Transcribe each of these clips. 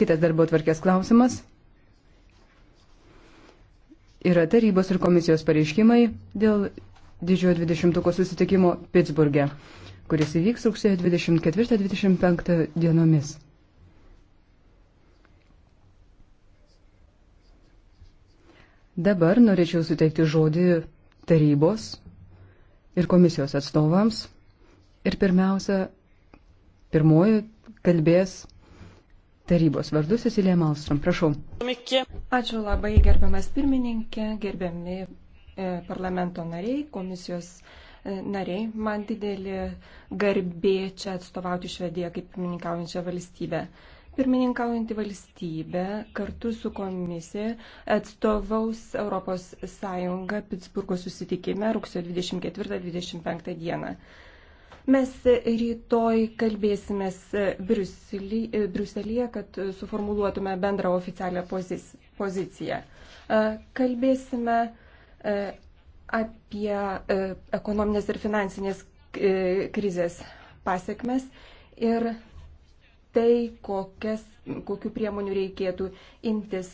Kitas darbo tvarkės klausimas yra tarybos ir komisijos pareiškimai dėl didžiojo 20-ko susitikimo Pittsburgė, kuris įvyks rugsėjo 24-25 dienomis. Dabar norėčiau suteikti žodį tarybos ir komisijos atstovams. Ir pirmiausia, pirmoji kalbės tarybos vardu Cecilija Malstrom. Prašau. Ačiū labai gerbiamas pirmininkė, gerbiami e, parlamento nariai, komisijos e, nariai. Man didelį garbė čia atstovauti Švediją kaip pirmininkaujančią valstybę. Pirmininkaujantį valstybę kartu su komisija atstovaus ES Pittsburgo susitikime rugsėjo 24-25 dieną. Mes rytoj kalbėsimės Briuselėje, kad suformuluotume bendrą oficialią poziciją. Kalbėsime apie ekonominės ir finansinės krizės pasiekmes ir tai, kokias, kokiu priemonių reikėtų imtis,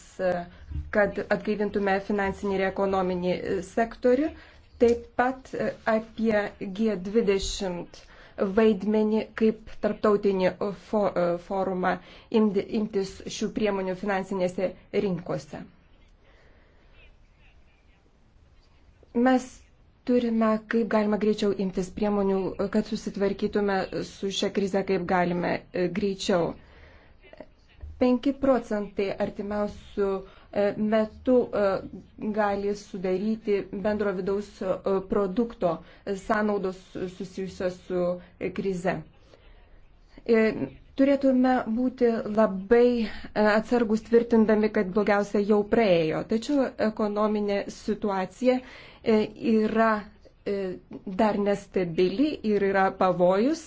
kad atgaivintume finansinį ir ekonominį sektorių taip pat e, apie G20 vaidmenį kaip tarptautinį fo, e, forumą imtis šių priemonių finansinėse rinkose. Mes turime kaip galima greičiau imtis priemonių, kad susitvarkytume su šią krizę kaip galime e, greičiau. 5 procentai artimiausių E, metu e, gali sudaryti bendro vidaus e, produkto sąnaudos susijusios su krize. Turėtume būti labai atsargus tvirtindami, kad blogiausia jau praėjo. Tačiau ekonominė situacija yra dar nestabili ir yra pavojus,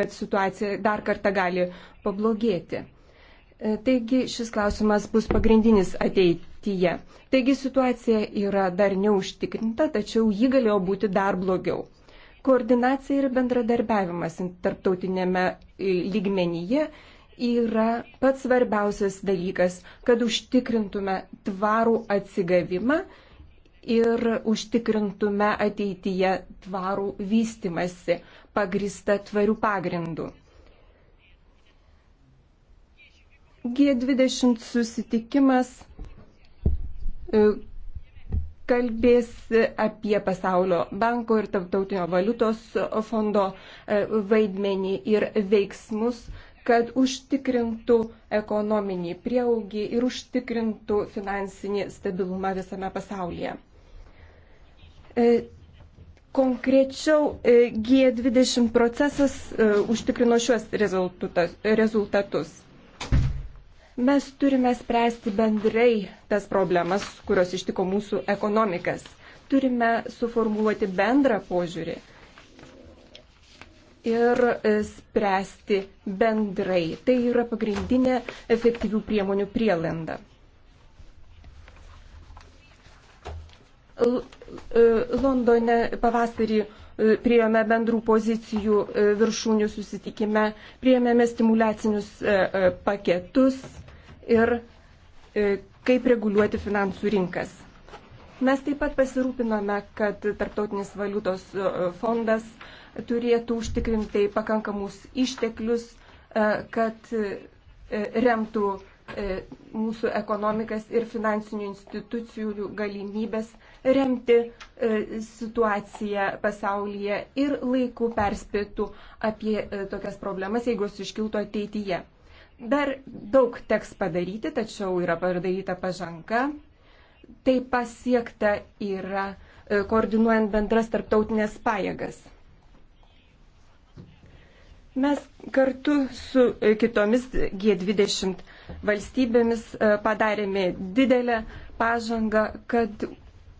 kad situacija dar kartą gali pablogėti. E, taigi šis klausimas bus pagrindinis ateityje. Taigi situacija yra dar neužtikrinta, tačiau ji galėjo būti dar blogiau. Koordinacija ir bendradarbiavimas tarptautinėme lygmenyje yra pats svarbiausias dalykas, kad užtikrintume tvarų atsigavimą ir užtikrintume ateityje tvarų vystimasi pagrįsta tvarių pagrindų. G20 susitikimas e, kalbės apie pasaulio banko ir tarptautinio valiutos fondo e, vaidmenį ir veiksmus, kad užtikrintų ekonominį prieaugį ir užtikrintų finansinį stabilumą visame pasaulyje. E, konkrečiau G20 procesas užtikrino šiuos rezultatus. Mes turime spręsti bendrai tas problemas, kurios ištiko mūsų ekonomikas. Turime suformuoluoti bendrą požiūrį ir e, spręsti bendrai. Tai yra pagrindinė efektyvių priemonių prielenda. E, Londone pavasarį e, priėmė bendrų pozicijų viršūnių susitikime, priėmėme stimulacinius paketus ir e, kaip reguliuoti finansų rinkas. Mes taip pat pasirūpinome, kad Tarptautinis valiutos e, fondas turėtų užtikrinti pakankamus išteklius, e, kad remtų mūsų ekonomikas ir finansinių institucijų galimybės remti situaciją pasaulyje ir laiku perspėtų apie tokias problemas, jeigu jos iškiltų ateityje. Dar daug teks padaryti, tačiau yra padaryta pažanga. Tai pasiekta yra e, koordinuojant bendras tarptautinės pajėgas. Mes kartu su e, kitomis G20 valstybėmis e, padarėme didelę pažangą, kad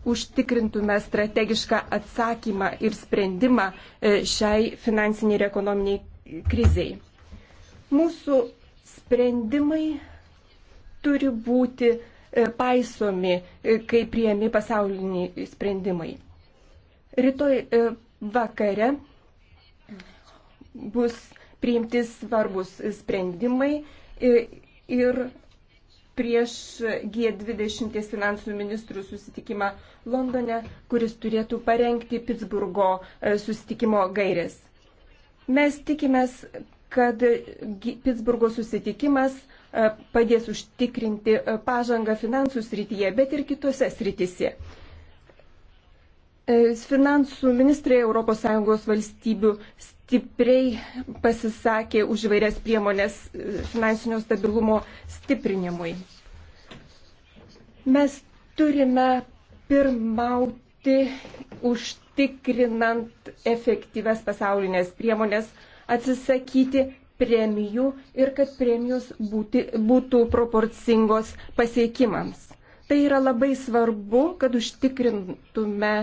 užtikrintume strategišką atsakymą ir sprendimą šiai finansiniai ir ekonominiai kriziai. Mūsų sprendimai turi būti e, paisomi, e, kai prieimi pasauliniai sprendimai. Rytoj e, vakare bus priimti svarbus sprendimai ir prieš G20 finansų ministrų susitikimą Londone, kuris turėtų parengti Pittsburgo susitikimo gairės. Mes tikimės, kad Pittsburgo susitikimas e, padės užtikrinti e, pažangą finansų srityje, bet ir kitose srityse. E, finansų ministrai ES valstybių stipriai pasisakė už vairias priemonės finansinio stabilumo stiprinimui. Mes turime pirmauti užtikrinant efektyves pasaulinės priemonės atsisakyti premijų ir kad premijos būti, būtų proporcingos pasiekimams. Tai yra labai svarbu, kad užtikrintume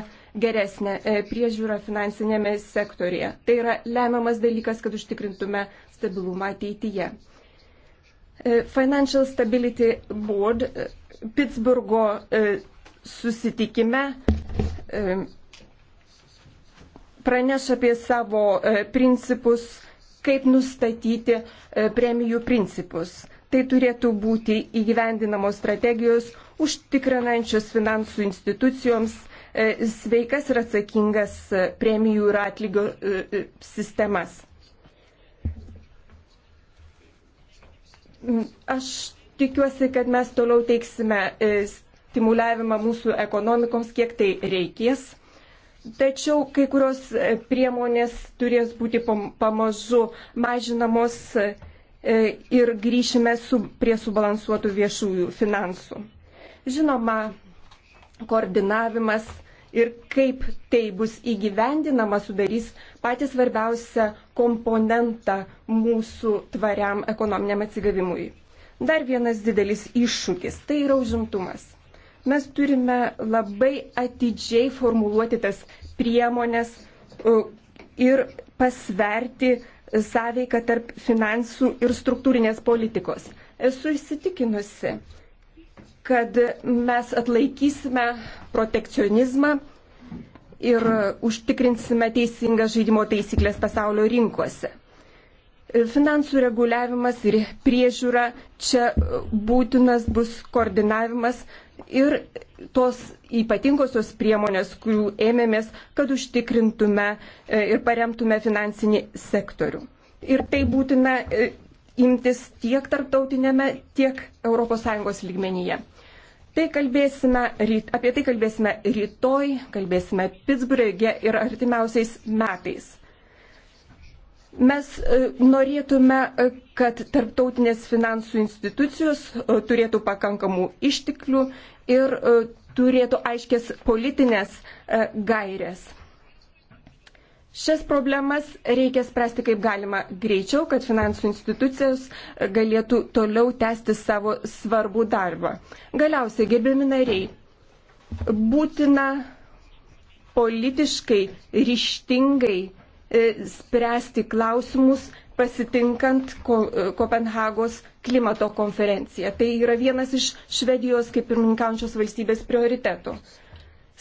geresnę e, priežiūrą finansinėme sektorėje. Tai yra lemiamas dalykas, kad užtikrintume stabilumą ateityje. E, Financial Stability Board e, Pittsburgo susitikime praneš apie savo e, principus, kaip nustatyti e, premijų principus. Tai turėtų būti įgyvendinamos strategijos, užtikrinančios finansų institucijoms e, sveikas ir atsakingas premijų ir atlygio sistemas. Aš tikiuosi, kad mes toliau teiksime stimuliavimą mūsų ekonomikoms, kiek tai reikės. Tačiau kai kurios e, priemonės turės būti pamažu mažinamos e, ir grįšime su, prie subalansuotų viešųjų finansų. Žinoma, koordinavimas ir kaip tai bus įgyvendinama sudarys patį svarbiausią komponentą mūsų tvariam ekonominiam atsigavimui. Dar vienas didelis iššūkis - tai yra užimtumas. Mes turime labai atidžiai formuluoti tas priemonės e, ir pasverti sąveiką tarp finansų ir struktūrinės politikos. Esu įsitikinusi, kad mes atlaikysime protekcionizmą ir užtikrinsime teisingas žaidimo taisyklės pasaulio rinkose. Finansų reguliavimas ir priežiūra čia būtinas bus koordinavimas, ir tos ypatingosios priemonės, kurių ėmėmės, kad užtikrintume e, ir paremtume finansinį sektorių. Ir tai būtina e, imtis tiek tarptautinėme, tiek ES lygmenyje. Tai kalbėsime, apie tai kalbėsime rytoj, kalbėsime Pittsburghe ir artimiausiais metais. Mes e, norėtume, kad tarptautinės finansų institucijos turėtų pakankamų išteklių ir e, turėtų aiškės politinės e, gairės. Šias problemas reikia spręsti kaip galima greičiau, kad finansų institucijos galėtų toliau tęsti savo svarbų darbą. Galiausiai, gerbiami nariai, būtina politiškai ryštingai e, spręsti klausimus pasitinkant Kopenhagos klimato konferenciją. Tai yra vienas iš Švedijos kaip pirmininkaujančios valstybės prioritetų.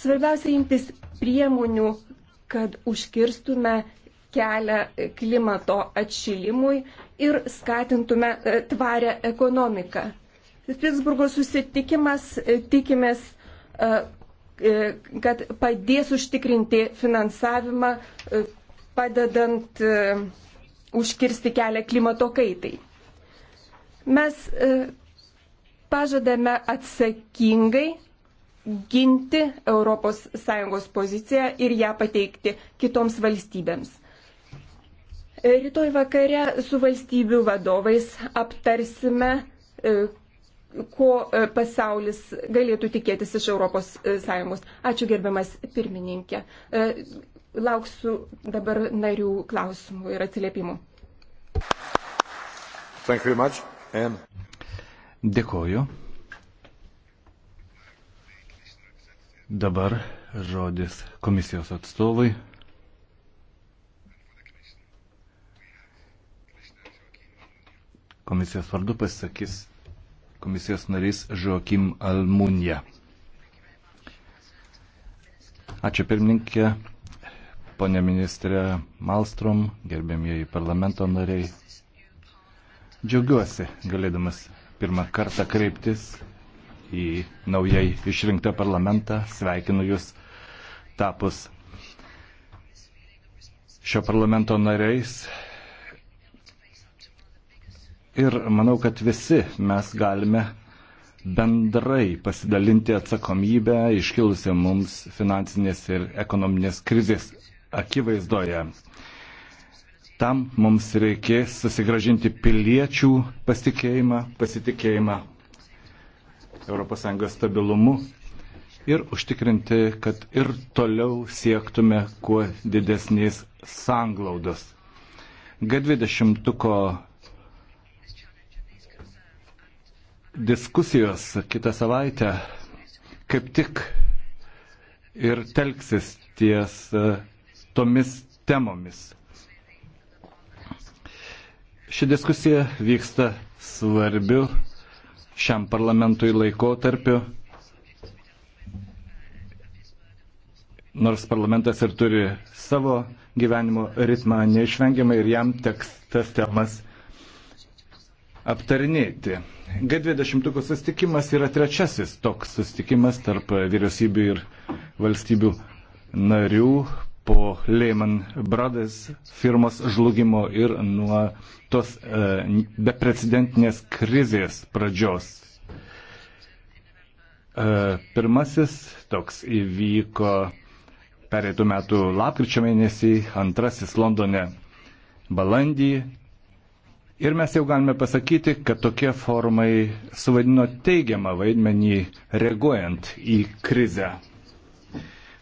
Svarbiausia imtis priemonių, kad užkirstume kelią klimato atšilimui ir skatintume e, tvarę ekonomiką. Pittsburgo susitikimas e, tikimės, e, kad padės užtikrinti finansavimą, padedant užkirsti kelią klimato kaitai. Mes e, pažadame atsakingai ginti ES poziciją ir ją pateikti kitoms valstybėms. E, rytoj vakare su valstybių vadovais aptarsime, e, ko pasaulis galėtų tikėtis iš ES. Ačiū gerbiamas pirmininkė. Lauksiu dabar narių klausimų ir atsiliepimų. And... Dėkoju. Dabar žodis komisijos atstovui. Komisijos vardu pasisakys komisijos narys Žuokim Almunija. Ačiū pirmininkė ponė ministrė Malstrom, gerbėmieji parlamento nariai. Džiaugiuosi galėdamas pirmą kartą kreiptis į naujai išrinktą parlamentą. Sveikinu Jūs tapus šio parlamento nariais. Ir manau, kad visi mes galime bendrai pasidalinti atsakomybę iškilusią mums finansinės ir ekonominės krizės akivaizdoje. Tam mums reikės susigražinti piliečių pasitikėjimą, pasitikėjimą ES stabilumu ir užtikrinti, kad ir toliau siektume kuo didesnės sanglaudos. G20 diskusijos kitą savaitę kaip tik ir telksis ties tomis temomis. Ši diskusija vyksta svarbiu šiam parlamentui laikotarpiu. Nors parlamentas ir turi savo gyvenimo ritmą, neišvengiamai ir jam teks tas temas aptarinėti. G20 sustikimas yra trečiasis toks sustikimas tarp vyriausybių ir valstybių narių po Lehman Brothers firmos žlugimo ir nuo tos e, beprecedentinės krizės pradžios. E, pirmasis toks įvyko pereitų metų lapkričio mėnesį, antrasis Londone balandį. Ir mes jau galime pasakyti, kad tokie formai suvadino teigiamą vaidmenį reaguojant į krizę.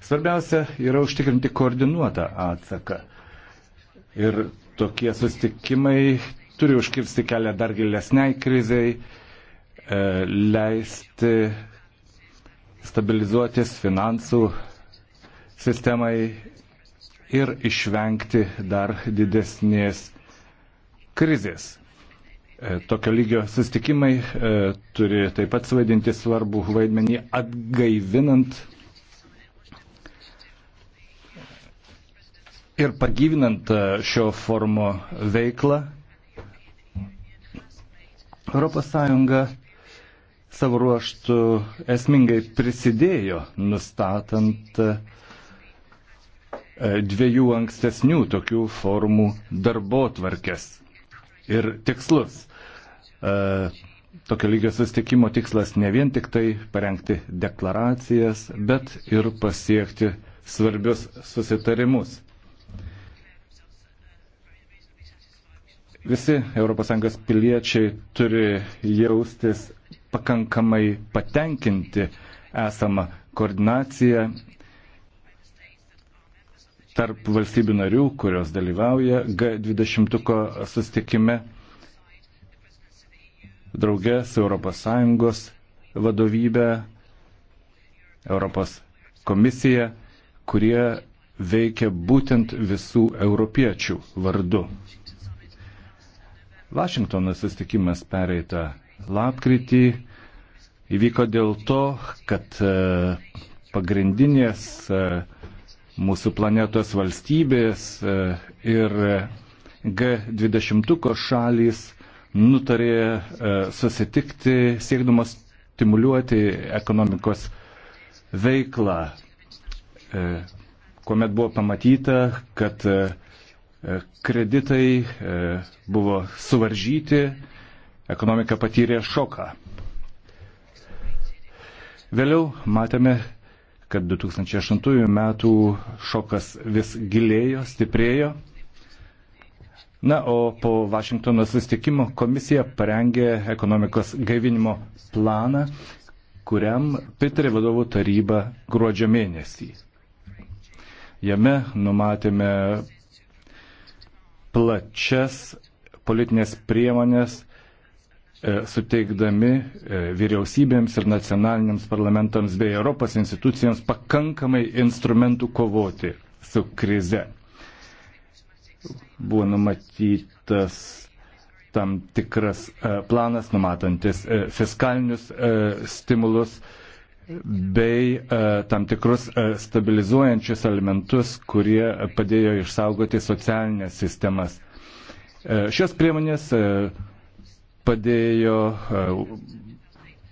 Svarbiausia yra užtikrinti koordinuotą atsaką. Ir tokie sustikimai turi užkirsti kelią dar gilesniai kriziai, e, leisti stabilizuotis finansų sistemai ir išvengti dar didesnės krizės. E, tokio lygio sustikimai e, turi taip pat suvaidinti svarbų vaidmenį atgaivinant ir pagyvinant e, šio formo veiklą, ES savo ruoštų esmingai prisidėjo, nustatant e, dviejų ankstesnių tokių formų darbo tvarkės ir tikslus. E, tokio lygio sustikimo tikslas ne vien tik tai parengti deklaracijas, bet ir pasiekti svarbius susitarimus. Visi ES piliečiai turi jaustis pakankamai patenkinti esamą koordinaciją tarp valstybių narių, kurios dalyvauja G20 sustikime draugė su ES vadovybė, Europos komisija, kurie veikia būtent visų europiečių vardu. Vašingtonas sustikimas pereitą lapkritį įvyko dėl to, kad e, pagrindinės e, mūsų planetos valstybės e, ir G20 šalys nutarė susitikti siekdamas stimuliuoti ekonomikos veiklą, kuomet buvo pamatyta, kad E, kreditai e, buvo suvaržyti, ekonomika patyrė šoką. Vėliau matėme, kad 2008 metų šokas vis gilėjo, stiprėjo. Na, o po Vašingtono sustikimo komisija parengė ekonomikos gaivinimo planą, kuriam pritarė vadovų taryba gruodžio mėnesį. Jame numatėme plačias politinės priemonės, e, suteikdami e, vyriausybėms ir nacionaliniams parlamentams bei Europos institucijams pakankamai instrumentų kovoti su krize. Buvo numatytas tam tikras e, planas, numatantis fiskalinius stimulus, bei e, tam tikrus e, stabilizuojančius elementus, kurie padėjo išsaugoti socialinės sistemas. E, šios priemonės padėjo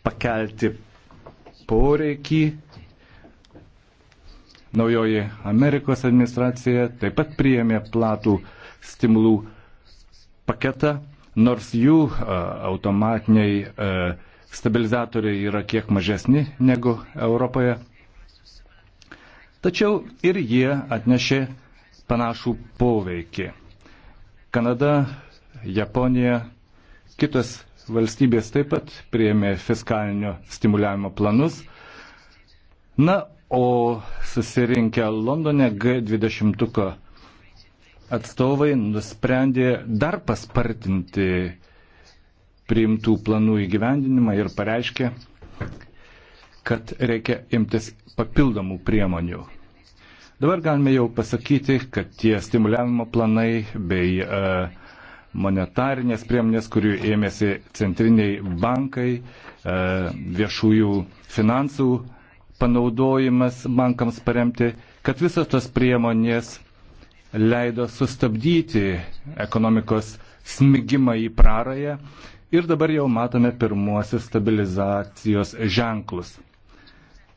pakelti poreikį. Naujoji Amerikos administracija taip pat priėmė platų stimulų paketą, nors jų automatiniai uh, stabilizatoriai yra kiek mažesni negu Europoje. Tačiau ir jie atnešė panašų poveikį. Kanada, Japonija, kitos valstybės taip pat prieėmė fiskalinio stimuliavimo planus. Na, o susirinkę Londone G20 atstovai nusprendė dar paspartinti priimtų planų įgyvendinimą ir pareiškė, kad reikia imtis papildomų priemonių. Dabar galime jau pasakyti, kad tie stimuliavimo planai bei uh, monetarinės priemonės, kurių ėmėsi centriniai bankai, e, viešųjų finansų panaudojimas bankams paremti, kad visos tos priemonės leido sustabdyti ekonomikos smigimą į prarąją ir dabar jau matome pirmuosius stabilizacijos ženklus.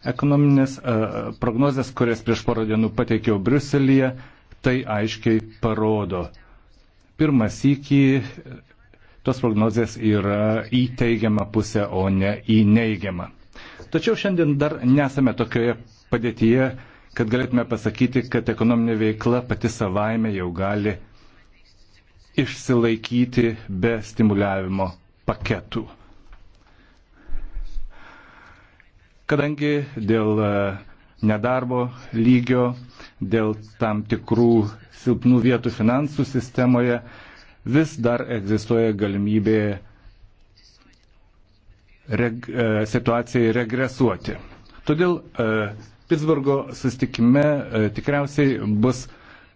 Ekonominės e, prognozės, kurias prieš porą dienų pateikiau Bruselėje, tai aiškiai parodo. Pirmas iki e, tos prognozės yra į teigiamą pusę, o ne į neigiamą. Tačiau šiandien dar nesame tokioje padėtyje, kad galėtume pasakyti, kad ekonominė veikla pati savaime jau gali išsilaikyti be stimuliavimo paketų. Kadangi dėl e, nedarbo lygio, dėl tam tikrų silpnų vietų finansų sistemoje vis dar egzistuoja galimybė reg, e, situacijai regresuoti. Todėl e, Pittsburgo sustikime tikriausiai bus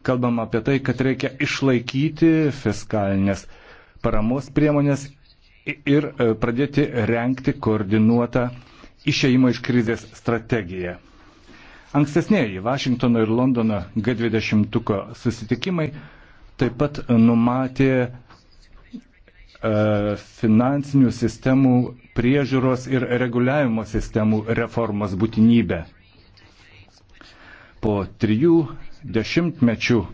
kalbama apie tai, kad reikia išlaikyti fiskalinės paramos priemonės ir e, pradėti renkti koordinuotą išeimo iš krizės strategiją. Ankstesnėji Vašingtono ir Londono G20 susitikimai taip pat numatė e, finansinių sistemų priežiūros ir reguliavimo sistemų reformos būtinybę. Po trijų dešimtmečių e,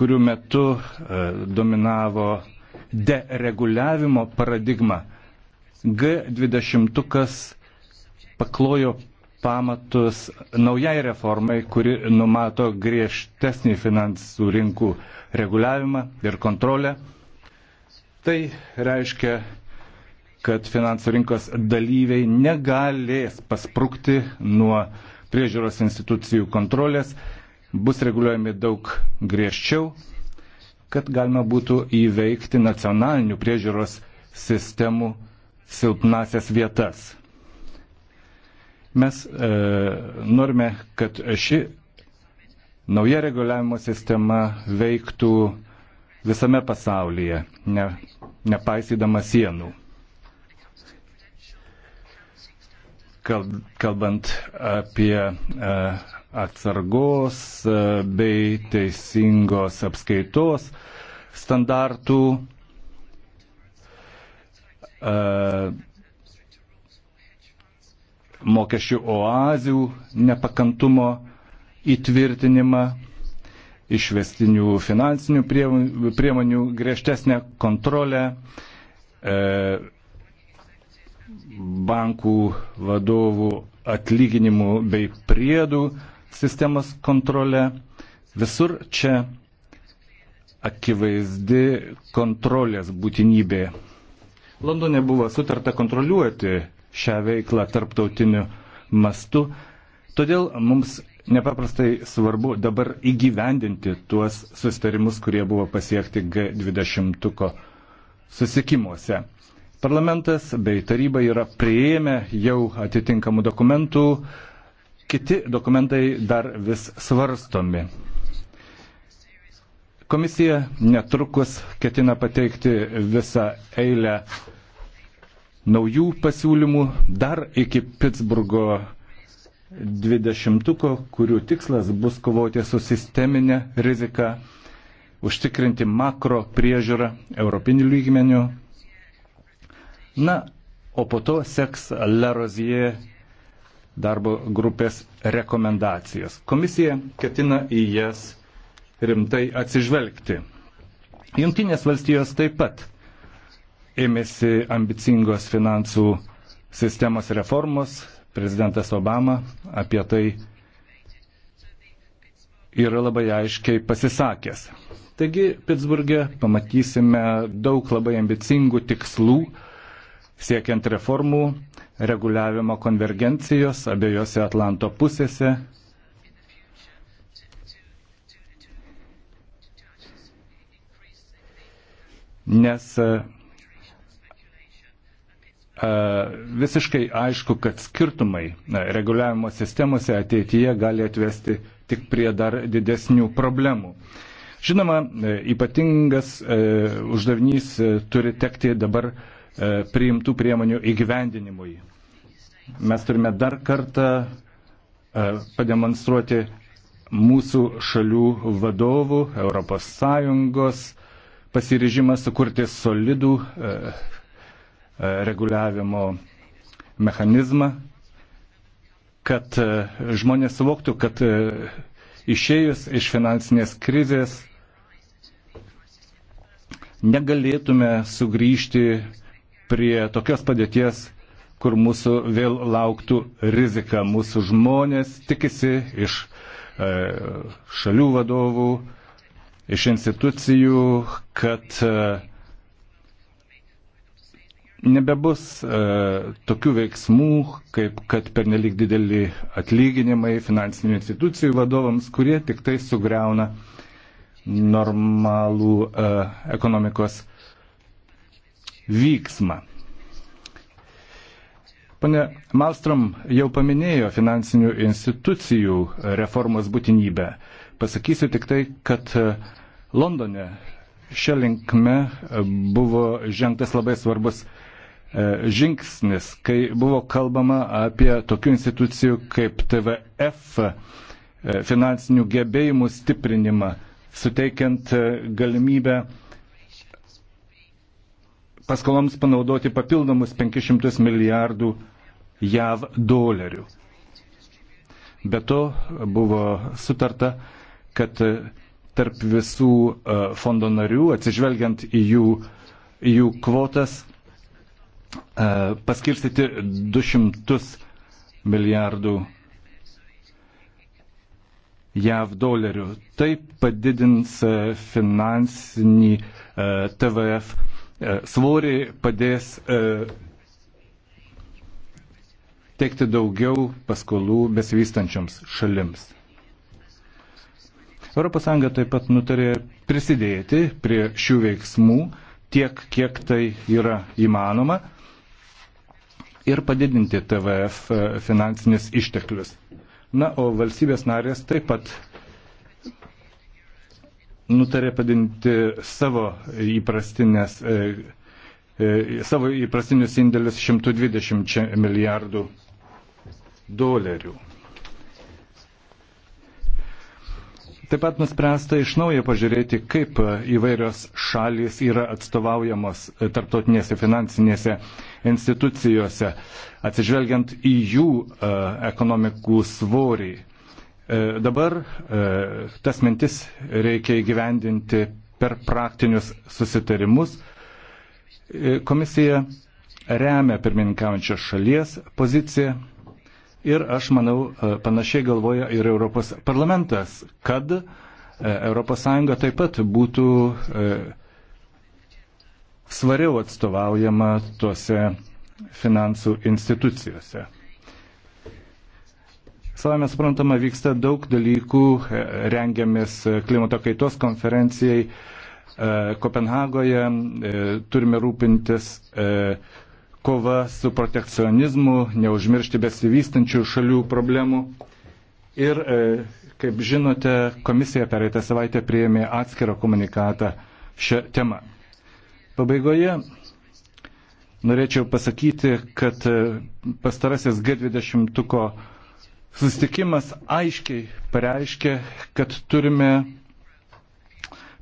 kurių metu e, dominavo dereguliavimo paradigma, G20 paklojo pamatus naujai reformai, kuri numato griežtesnį finansų rinkų reguliavimą ir kontrolę. Tai reiškia, kad finansų rinkos dalyviai negalės pasprūkti nuo priežiūros institucijų kontrolės bus reguliuojami daug griežčiau, kad galima būtų įveikti nacionalinių priežiūros sistemų silpnasias vietas. Mes e, norime, kad ši nauja reguliavimo sistema veiktų visame pasaulyje, ne, nepaisydama sienų. Kalbant apie e, atsargos e, bei teisingos apskaitos standartų. E, mokesčių oazių nepakantumo įtvirtinimą, išvestinių finansinių priemonių griežtesnę kontrolę, e, bankų vadovų atlyginimų bei priedų sistemos kontrolę. Visur čia akivaizdi kontrolės būtinybė. Londone buvo sutarta kontroliuoti šią veiklą tarptautiniu mastu, todėl mums nepaprastai svarbu dabar įgyvendinti tuos sustarimus, kurie buvo pasiekti G20 susikimuose. Parlamentas bei taryba yra prieėmę jau atitinkamų dokumentų, Kiti dokumentai dar vis svarstomi. Komisija netrukus ketina pateikti visą eilę naujų pasiūlymų dar iki Pittsburgo dvidešimtuko, kurių tikslas bus kovoti su sisteminė rizika, užtikrinti makro priežiūrą europinių lygmenių. Na, o po to seks Lerozie darbo grupės rekomendacijas. Komisija ketina į jas rimtai atsižvelgti. Junktinės valstijos taip pat ėmėsi ambicingos finansų sistemos reformos. Prezidentas Obama apie tai yra labai aiškiai pasisakęs. Taigi Pittsburgė pamatysime daug labai ambicingų tikslų siekiant reformų reguliavimo konvergencijos abiejose Atlanto pusėse. Nes e, e, visiškai aišku, kad skirtumai e, reguliavimo sistemose ateityje gali atvesti tik prie dar didesnių problemų. Žinoma, ypatingas uždavinys turi tekti dabar priimtų priemonių įgyvendinimui mes turime dar kartą e, pademonstruoti mūsų šalių vadovų, ES pasiryžimą sukurti solidų e, e, reguliavimo mechanizmą, kad žmonės suvoktų, kad išėjus iš finansinės krizės negalėtume sugrįžti prie tokios padėties, kur mūsų vėl lauktų rizika. Mūsų žmonės tikisi iš e, šalių vadovų, iš institucijų, kad e, nebebus e, tokių veiksmų, kaip kad pernelik dideli atlyginimai finansinių institucijų vadovams, kurie tik tai sugriauna normalų ekonomikos vyksmą. Pane Malstrom jau paminėjo finansinių institucijų reformos būtinybę. Pasakysiu tik tai, kad e, Londone šią linkme e, buvo žengtas labai svarbus e, žingsnis, kai buvo kalbama apie tokių institucijų kaip TVF finansinių gebėjimų stiprinimą, suteikiant galimybę paskoloms panaudoti papildomus 500 milijardų JAV dolerių. Be to buvo sutarta, kad tarp visų e, fondo narių, atsižvelgiant į jų, į jų kvotas, e, paskirstyti 200 milijardų JAV dolerių. Tai padidins e, finansinį TVF E, svorį padės e, teikti daugiau paskolų besivystančioms šalims. ES taip pat nutarė prisidėti prie šių veiksmų tiek, kiek tai yra įmanoma ir padidinti TVF e, finansinis išteklius. Na, o valstybės narės taip pat nutarė padinti savo įprastinės e, e, savo įprastinius indėlius 120 milijardų dolerių. Taip pat nuspręsta iš naujo pažiūrėti, kaip įvairios šalys yra atstovaujamos tarptautinėse finansinėse institucijose, atsižvelgiant į jų e, ekonomikų svorį. E, dabar e, tas mintis reikia įgyvendinti per praktinius susitarimus. E, komisija remia pirmininkaujančios šalies poziciją ir aš manau panašiai galvoja ir Europos parlamentas, kad ES taip pat būtų svariau atstovaujama tuose finansų institucijose. Savame suprantama, vyksta daug dalykų, e, rengiamės e, klimato kaitos konferencijai e, Kopenhagoje, turime rūpintis kova su protekcionizmu, neužmiršti besivystančių šalių problemų. Ir, kaip žinote, komisija pereitą savaitę prieėmė atskirą komunikatą šią temą. Pabaigoje norėčiau pasakyti, kad pastarasis G20 Sustikimas aiškiai pareiškia, kad turime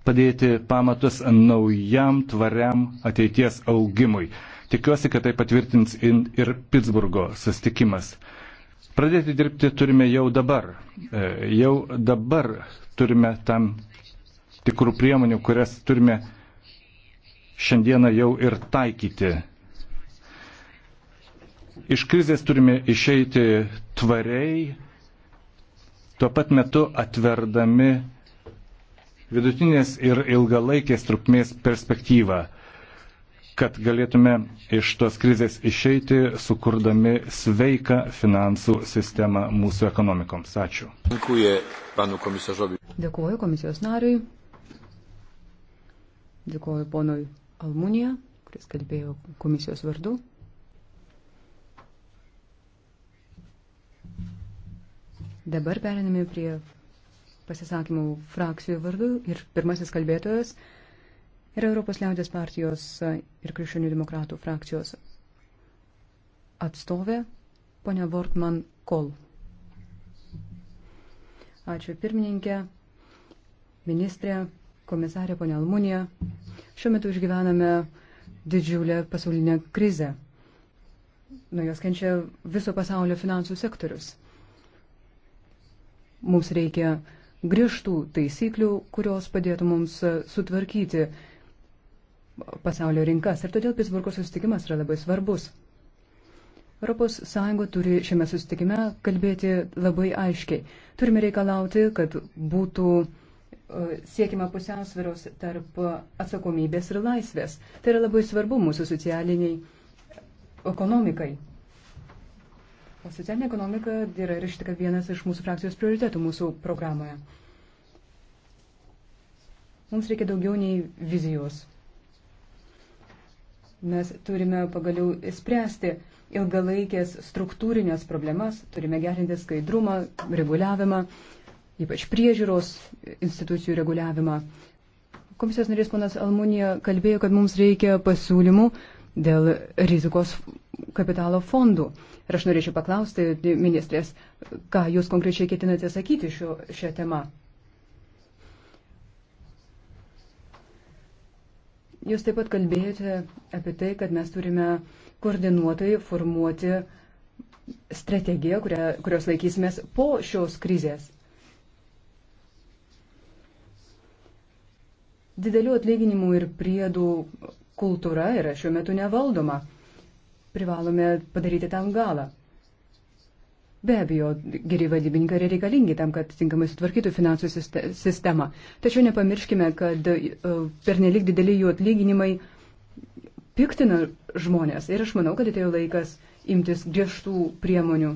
padėti pamatus naujam tvariam ateities augimui. Tikiuosi, kad tai patvirtins ir Pittsburgo sustikimas. Pradėti dirbti turime jau dabar. E, jau dabar turime tam tikrų priemonių, kurias turime šiandieną jau ir taikyti. Iš krizės turime išeiti tvariai, tuo pat metu atverdami vidutinės ir ilgalaikės trukmės perspektyvą, kad galėtume iš tos krizės išeiti, sukurdami sveiką finansų sistemą mūsų ekonomikoms. Ačiū. Dėkuoju komisijos nariui. Dėkuoju ponui Almunija, kuris kalbėjo komisijos vardu. Dabar periname prie pasisakymų frakcijų vardu ir pirmasis kalbėtojas yra Europos liaudės partijos ir krikščionių demokratų frakcijos atstovė ponia Vortman Kol. Ačiū pirmininkė, ministrė, komisarė ponia Almunija. Šiuo metu išgyvename didžiulę pasaulinę krizę. Nuo jos kenčia viso pasaulio finansų sektorius. Mums reikia griežtų taisyklių, kurios padėtų mums e, sutvarkyti pasaulio rinkas. Ir todėl Pittsburgo susitikimas yra labai svarbus. ES turi šiame susitikime kalbėti labai aiškiai. Turime reikalauti, kad būtų e, siekime pusiausviros tarp atsakomybės ir laisvės. Tai yra labai svarbu mūsų socialiniai ekonomikai. O socialinė ekonomika yra ir iš tik vienas iš mūsų frakcijos prioritetų mūsų programoje. Mums reikia daugiau nei vizijos. Mes turime pagaliau spręsti ilgalaikės struktūrinės problemas, turime gerinti skaidrumą, reguliavimą, ypač priežiūros institucijų reguliavimą. Komisijos narės ponas Almunija kalbėjo, kad mums reikia pasiūlymų dėl rizikos kapitalo fondų. Ir aš norėčiau paklausti ministrės, ką jūs konkrečiai ketinate sakyti šio, šią temą. Jūs taip pat kalbėjote apie tai, kad mes turime koordinuotai formuoti strategiją, kuria, kurios laikysimės po šios krizės. Didelių atlyginimų ir priedų kultūra yra šiuo metu nevaldoma privalome padaryti tam galą. Be abejo, geri vadybininkai yra reikalingi tam, kad tinkamai sutvarkytų finansų sistemą. Tačiau nepamirškime, kad e, pernelik dideli jų atlyginimai piktina žmonės. Ir aš manau, kad atėjo laikas imtis griežtų priemonių.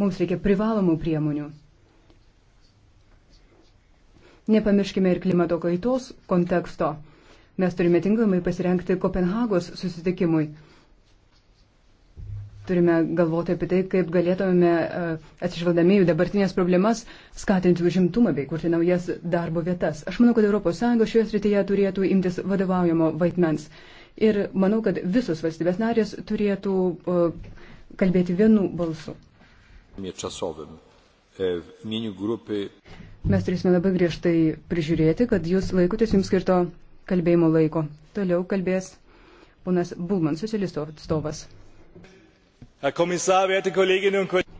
Mums reikia privalomų priemonių. Nepamirškime ir klimato kaitos konteksto. Mes turime tinkamai pasirengti Kopenhagos susitikimui turime galvoti apie tai, kaip galėtume, e, atsižvelgdami jų dabartinės problemas, skatinti užimtumą bei kurti naujas darbo vietas. Aš manau, kad ES šioje srityje turėtų imtis vadovaujamo vaidmens. Ir manau, kad visos valstybės narės turėtų e, kalbėti vienu balsu. E, Mes turėsime labai griežtai prižiūrėti, kad jūs laikotės jums skirto kalbėjimo laiko. Toliau kalbės ponas Bulman, socialistų atstovas. Herr Kommissar, werte Kolleginnen und Kollegen.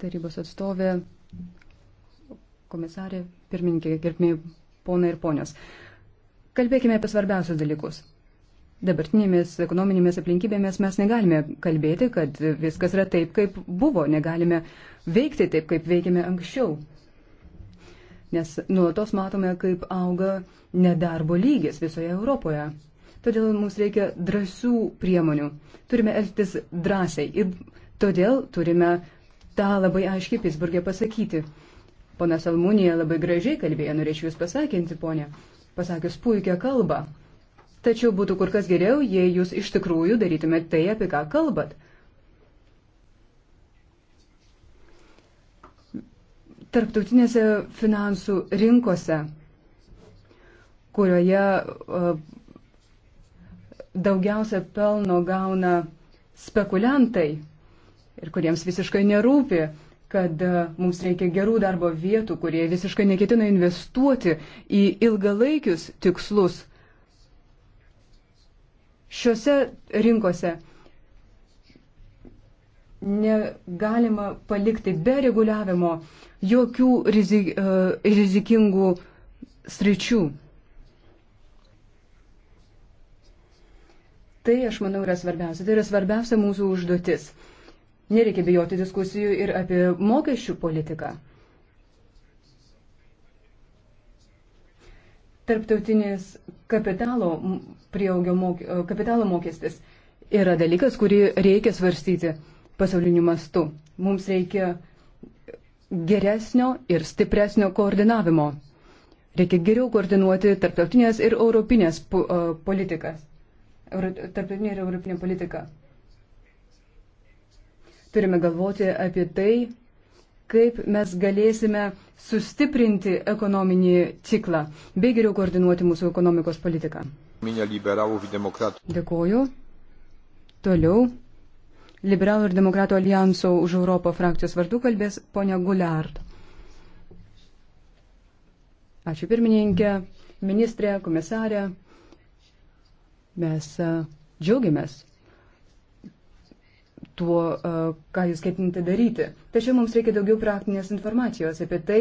Tarybos atstovė, komisarė, pirmininkė, gerbimi ponai ir ponios. Kalbėkime apie svarbiausius dalykus. Dabartinėmis ekonominėmis aplinkybėmis mes negalime kalbėti, kad viskas yra taip, kaip buvo, negalime veikti taip, kaip veikėme anksčiau. Nes nuolatos matome, kaip auga nedarbo lygis visoje Europoje. Todėl mums reikia drąsių priemonių. Turime elgtis drąsiai ir todėl turime tą labai aiškiai Pittsburgė pasakyti. Ponas Almunija labai gražiai kalbėjo, norėčiau Jūs pasakinti, ponė, pasakius puikią kalbą. Tačiau būtų kur kas geriau, jei Jūs iš tikrųjų darytumėt tai, apie ką kalbat. Tarptautinėse finansų rinkose, kurioje uh, daugiausia pelno gauna spekuliantai ir kuriems visiškai nerūpi, kad e, mums reikia gerų darbo vietų, kurie visiškai neketina investuoti į ilgalaikius tikslus. Šiuose rinkose negalima palikti be reguliavimo jokių rizik, e, rizikingų sričių. Tai, aš manau, yra svarbiausia. Tai yra svarbiausia mūsų užduotis. Nereikia bijoti diskusijų ir apie mokesčių politiką. Tarptautinis kapitalo, mok, e, kapitalo mokestis yra dalykas, kurį reikia svarstyti pasauliniu mastu. Mums reikia geresnio ir stipresnio koordinavimo. Reikia geriau koordinuoti tarptautinės ir europinės e, politikas tarptautinė ir europinė politika. Turime galvoti apie tai, kaip mes galėsime sustiprinti ekonominį ciklą bei geriau koordinuoti mūsų ekonomikos politiką. Dėkoju. Toliau. Liberalų ir demokratų alijanso už Europą frakcijos vardu kalbės ponia Guliard. Ačiū pirmininkė, ministrė, komisarė. Mes e, džiaugiamės tuo, e, ką jūs ketinate daryti. Tačiau mums reikia daugiau praktinės informacijos apie tai,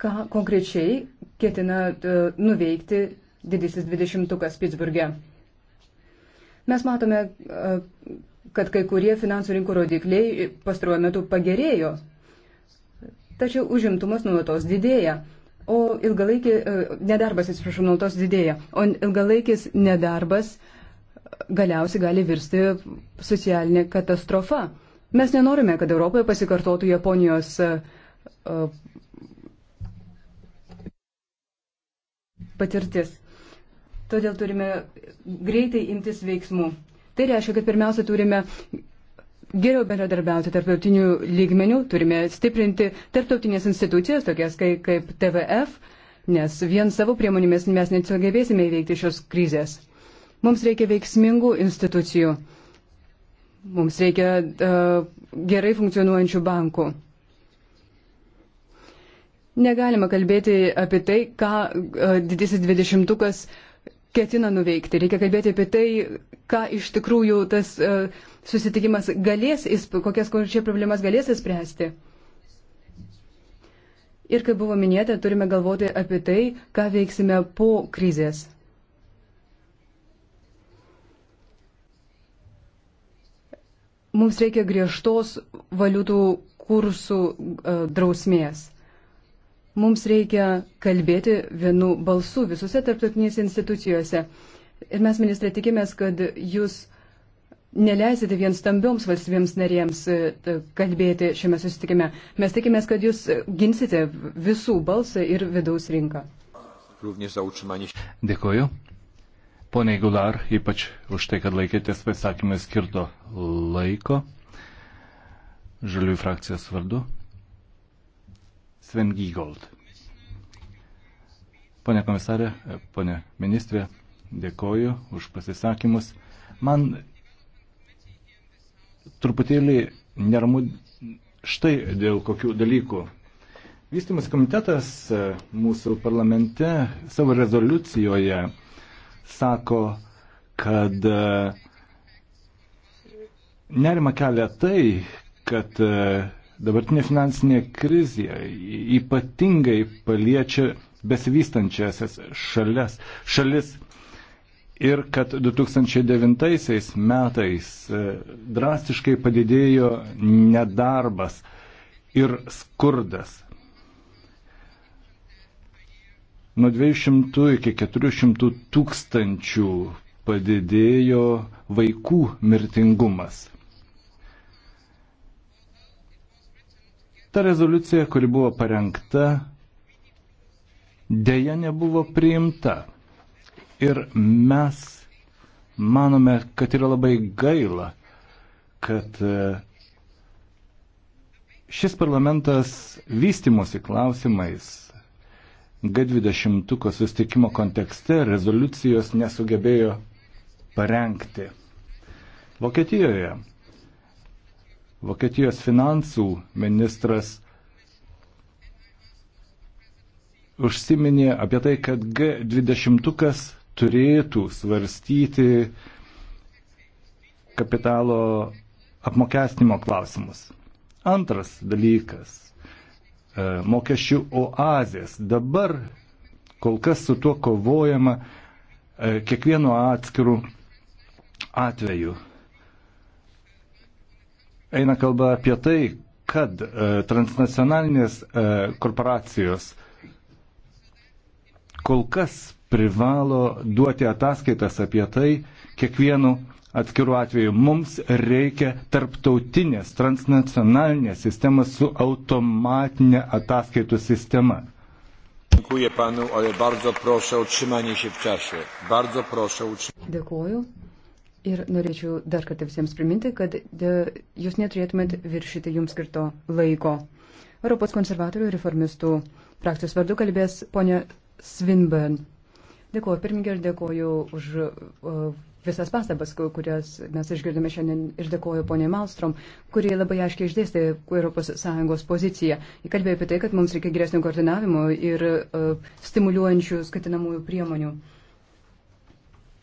ką konkrečiai ketina e, nuveikti didysis dvidešimtukas Pittsburgė. Mes matome, kad kai kurie finansų rinkų rodikliai pastaruoju metu pagerėjo, tačiau užimtumas nuolatos didėja o ilgalaikį, e, nedarbas, atsiprašau, nuolatos didėja, o ilgalaikis nedarbas e, galiausiai gali virsti socialinė katastrofa. Mes nenorime, kad Europoje pasikartotų Japonijos e, patirtis. Todėl turime greitai imtis veiksmų. Tai reiškia, kad pirmiausia turime geriau bendradarbiauti tarptautinių lygmenių, turime stiprinti tarptautinės institucijas, tokias kaip, kaip TVF, nes vien savo priemonėmis mes nesugebėsime įveikti šios krizės. Mums reikia veiksmingų institucijų, mums reikia uh, gerai funkcionuojančių bankų. Negalima kalbėti apie tai, ką uh, didysis dvidešimtukas uh, ketina nuveikti. Reikia kalbėti apie tai, ką iš tikrųjų tas e, susitikimas galės, kokias konkrečiai problemas galės įspręsti. Ir kaip buvo minėta, turime galvoti apie tai, ką veiksime po krizės. Mums reikia griežtos valiutų kursų e, drausmės. Mums reikia kalbėti vienu balsu visose tarptautinėse institucijose. Ir mes, ministrė, tikimės, kad jūs neleisite vien stambioms valstybėms narėms e, kalbėti šiame susitikime. Mes tikimės, kad jūs ginsite visų balsą ir vidaus rinką. Dėkoju. Pone Gular, ypač už tai, kad laikėtės pasakymai skirto laiko. Žaliųjų frakcijos vardu. Sven Gygold. Pone komisarė, pone ministrė, dėkoju už pasisakymus. Man truputėlį neramu štai dėl kokių dalykų. Vystymas komitetas e, mūsų parlamente savo rezoliucijoje sako, kad e, nerima kelia tai, kad e, Dabartinė finansinė krizė ypatingai paliečia besivystančiasias šalias, šalis ir kad 2009 metais e, drastiškai padidėjo nedarbas ir skurdas. Nuo 200 iki 400 tūkstančių padidėjo vaikų mirtingumas. Ta rezoliucija, kuri buvo parengta, dėja nebuvo priimta. Ir mes manome, kad yra labai gaila, kad e, šis parlamentas vystimosi klausimais G20 sustikimo kontekste rezoliucijos nesugebėjo parengti. Vokietijoje Vokietijos finansų ministras užsiminė apie tai, kad G20 turėtų svarstyti kapitalo apmokestinimo klausimus. Antras dalykas - e, mokesčių oazės. Dabar kol kas su tuo kovojama e, kiekvienu atskiru atveju eina kalba apie tai, kad e, transnacionalinės e, korporacijos kol kas privalo duoti ataskaitas apie tai kiekvienu atskiru atveju. Mums reikia tarptautinės, transnacionalinės sistemas su automatinė ataskaitų sistema. Dziękuję panu, ale bardzo proszę o trzymanie się w czasie. Bardzo proszę o trzymanie. Dziękuję. Ir norėčiau dar kartą visiems priminti, kad de, jūs neturėtumėt viršyti jums skirto laiko. Europos konservatorių reformistų frakcijos vardu kalbės ponė Svinburn. Dėkuoju pirmininkė ir dėkuoju už uh, visas pastabas, kurias mes išgirdome šiandien ir dėkuoju ponė Malstrom, kurie labai aiškiai išdėstė ES poziciją. Ji kalbėjo apie tai, kad mums reikia geresnio koordinavimo ir uh, stimuliuojančių skatinamųjų priemonių. Uh,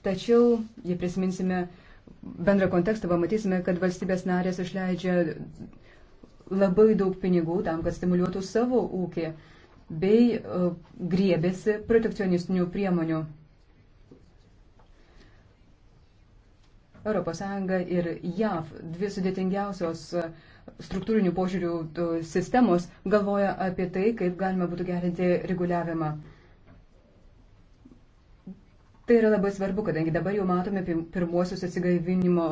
Tačiau, jei prisiminsime bendrą kontekstą, pamatysime, kad valstybės narės išleidžia labai daug pinigų tam, kad stimuliuotų savo ūkį bei uh, griebėsi protekcionistinių priemonių. ES ir JAV, dvi sudėtingiausios e, struktūrinių požiūrių e, sistemos, galvoja apie tai, kaip galima būtų gerinti reguliavimą. Tai yra labai svarbu, kadangi dabar jau matome pirmuosius atsigaivinimo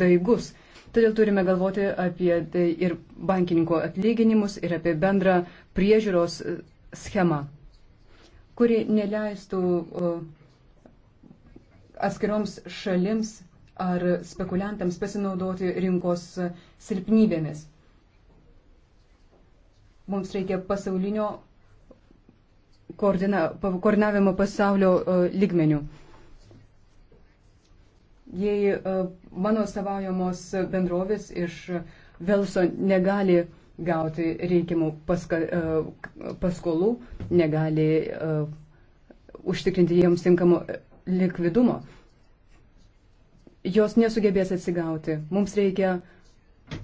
daigus. Todėl turime galvoti apie tai ir bankininko atlyginimus, ir apie bendrą priežiūros e, schemą, kuri neleistų atskiroms šalims ar spekuliantams pasinaudoti rinkos silpnybėmis. Mums reikia pasaulinio koordina, koordinavimo pasaulio e, lygmenių. Jei e, mano savaujamos bendrovės iš Velso negali gauti reikiamų paska, e, paskolų, negali užtikrinti jiems tinkamo likvidumo, jos nesugebės atsigauti. Mums reikia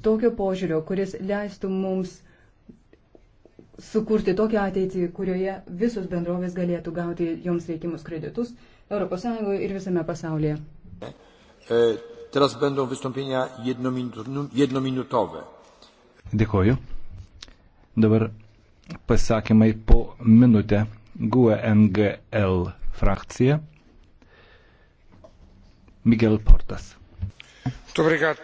tokio požiūrio, kuris leistų mums sukurti tokią ateitį, kurioje visos bendrovės galėtų gauti joms reikimus kreditus ES ir visame pasaulyje. E, teraz będą wystąpienia nu, jednominutowe. Dėkoju. Dabar pasakymai po minutę. GUNGL frakcija. Miguel Portas. Obrigado,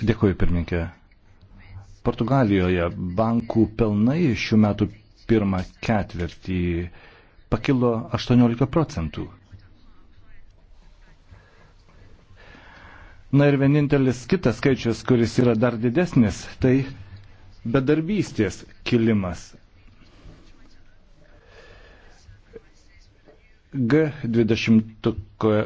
Dėkoju, pirmininkė. Portugalijoje bankų pelnai šių metų pirmą ketvirtį pakilo 18 procentų. Na ir vienintelis kitas skaičius, kuris yra dar didesnis, tai bedarbystės kilimas. G20 e,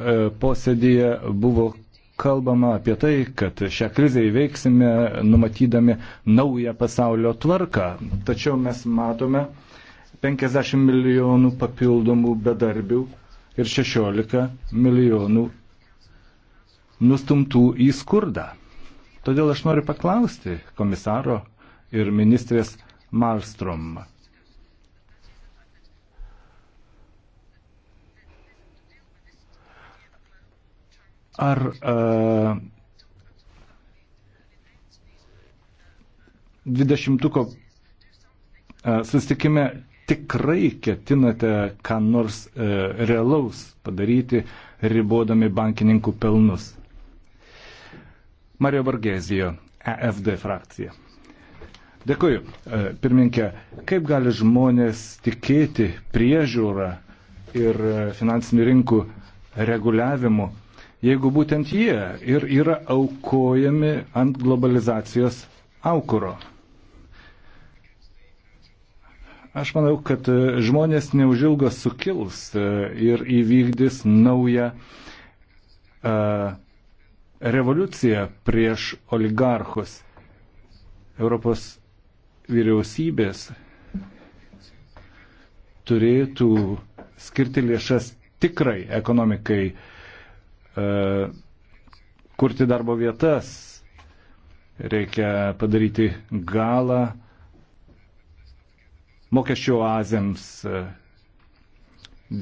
posėdėje buvo kalbama apie tai, kad šią krizę įveiksime numatydami naują pasaulio tvarką. Tačiau mes matome 50 milijonų papildomų bedarbių ir 16 milijonų nustumtų į skurdą. Todėl aš noriu paklausti komisaro ir ministrės Marstrom. Ar uh, dvidešimtuko uh, susitikime tikrai ketinate ką nors uh, realaus padaryti, ribodami bankininkų pelnus? Mario Vargezijo, EFD frakcija. Dėkuoju. Pirminkė, kaip gali žmonės tikėti priežiūrą ir finansinių rinkų reguliavimu, jeigu būtent jie ir yra aukojami ant globalizacijos aukuro. Aš manau, kad e, žmonės neužilgo sukils e, ir įvykdys naują a, e, revoliuciją prieš oligarchus. Europos vyriausybės turėtų skirti lėšas tikrai ekonomikai uh, E, kurti darbo vietas, reikia padaryti galą mokesčių oazėms, e,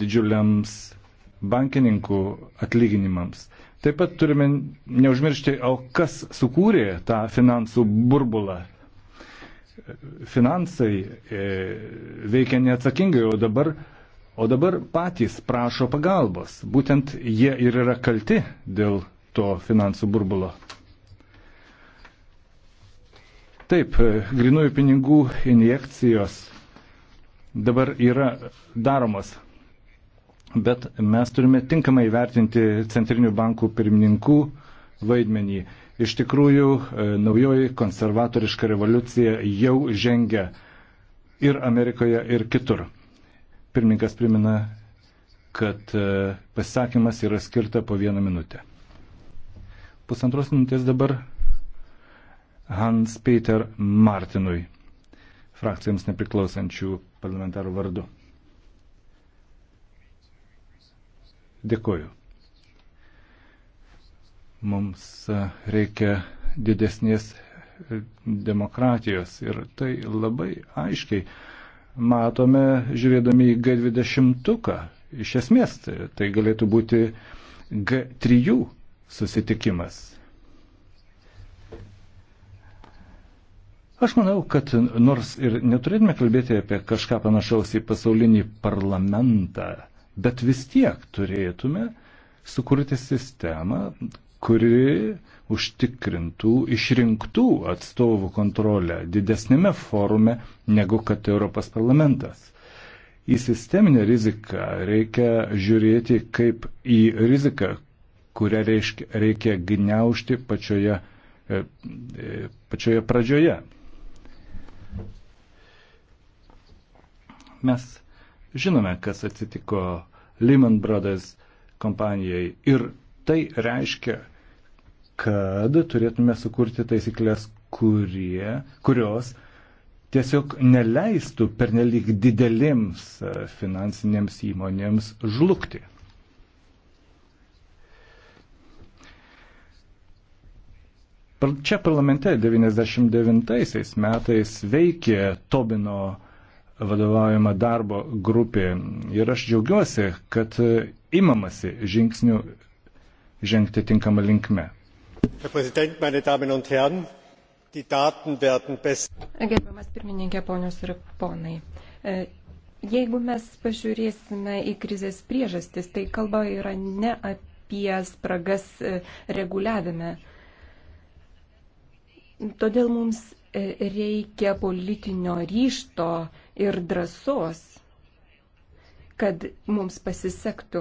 didžiuliams bankininkų atlyginimams. Taip pat turime neužmiršti, o kas sukūrė tą finansų burbulą. Finansai e, veikia neatsakingai, o dabar o dabar patys prašo pagalbos. Būtent jie ir yra kalti dėl to finansų burbulo. Taip, grinųjų pinigų injekcijos dabar yra daromos, bet mes turime tinkamai vertinti centrinių bankų pirmininkų vaidmenį. Iš tikrųjų, e, naujoji konservatoriška revoliucija jau žengia ir Amerikoje, ir kitur. Pirmininkas primina, kad e, pasisakymas yra skirta po vieną minutę. Pusantros minutės dabar Hans Peter Martinui, frakcijams nepriklausančių parlamentarų vardu. Dėkoju. Mums e, reikia didesnės e, demokratijos ir tai labai aiškiai matome, žiūrėdami į G20. Iš esmės tai galėtų būti G3 susitikimas. Aš manau, kad nors ir neturėtume kalbėti apie kažką panašaus į pasaulinį parlamentą, bet vis tiek turėtume sukurti sistemą, kuri užtikrintų išrinktų atstovų kontrolę didesnėme forume negu kad Europos parlamentas. Į sisteminę riziką reikia žiūrėti kaip į riziką, kurią reiškia, reikia gniaužti pačioje, e, e, pačioje pradžioje. Mes žinome, kas atsitiko Lehman Brothers kompanijai ir tai reiškia, kad turėtume sukurti taisyklės, kurie, kurios tiesiog neleistų pernelyg didelėms e, finansinėms įmonėms žlugti. Čia parlamente 99 metais veikė Tobino vadovaujama darbo grupė ir aš džiaugiuosi, kad e, imamasi žingsnių žengti tinkamą linkmę herr präsident meine damen und herren! die daten werden besser. gerbiamas pirmininke ponios ir ponai e, jeigu mes pažiūrėsime į krizės priežastis tai kalba yra ne apie spragas e, reguliavime todėl mums e, reikia politinio ryšto ir drąsos kad mums pasisektų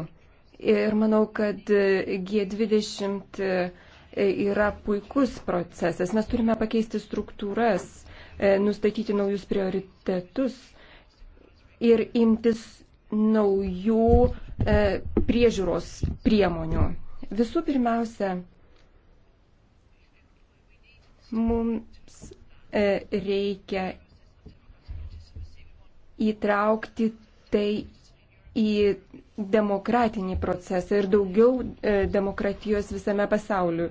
ir manau kad g20 E, yra puikus procesas. Mes turime pakeisti struktūras, e, nustatyti naujus prioritetus ir imtis naujų e, priežiūros priemonių. Visų pirmiausia, mums reikia įtraukti tai į demokratinį procesą ir daugiau e, demokratijos visame pasauliu.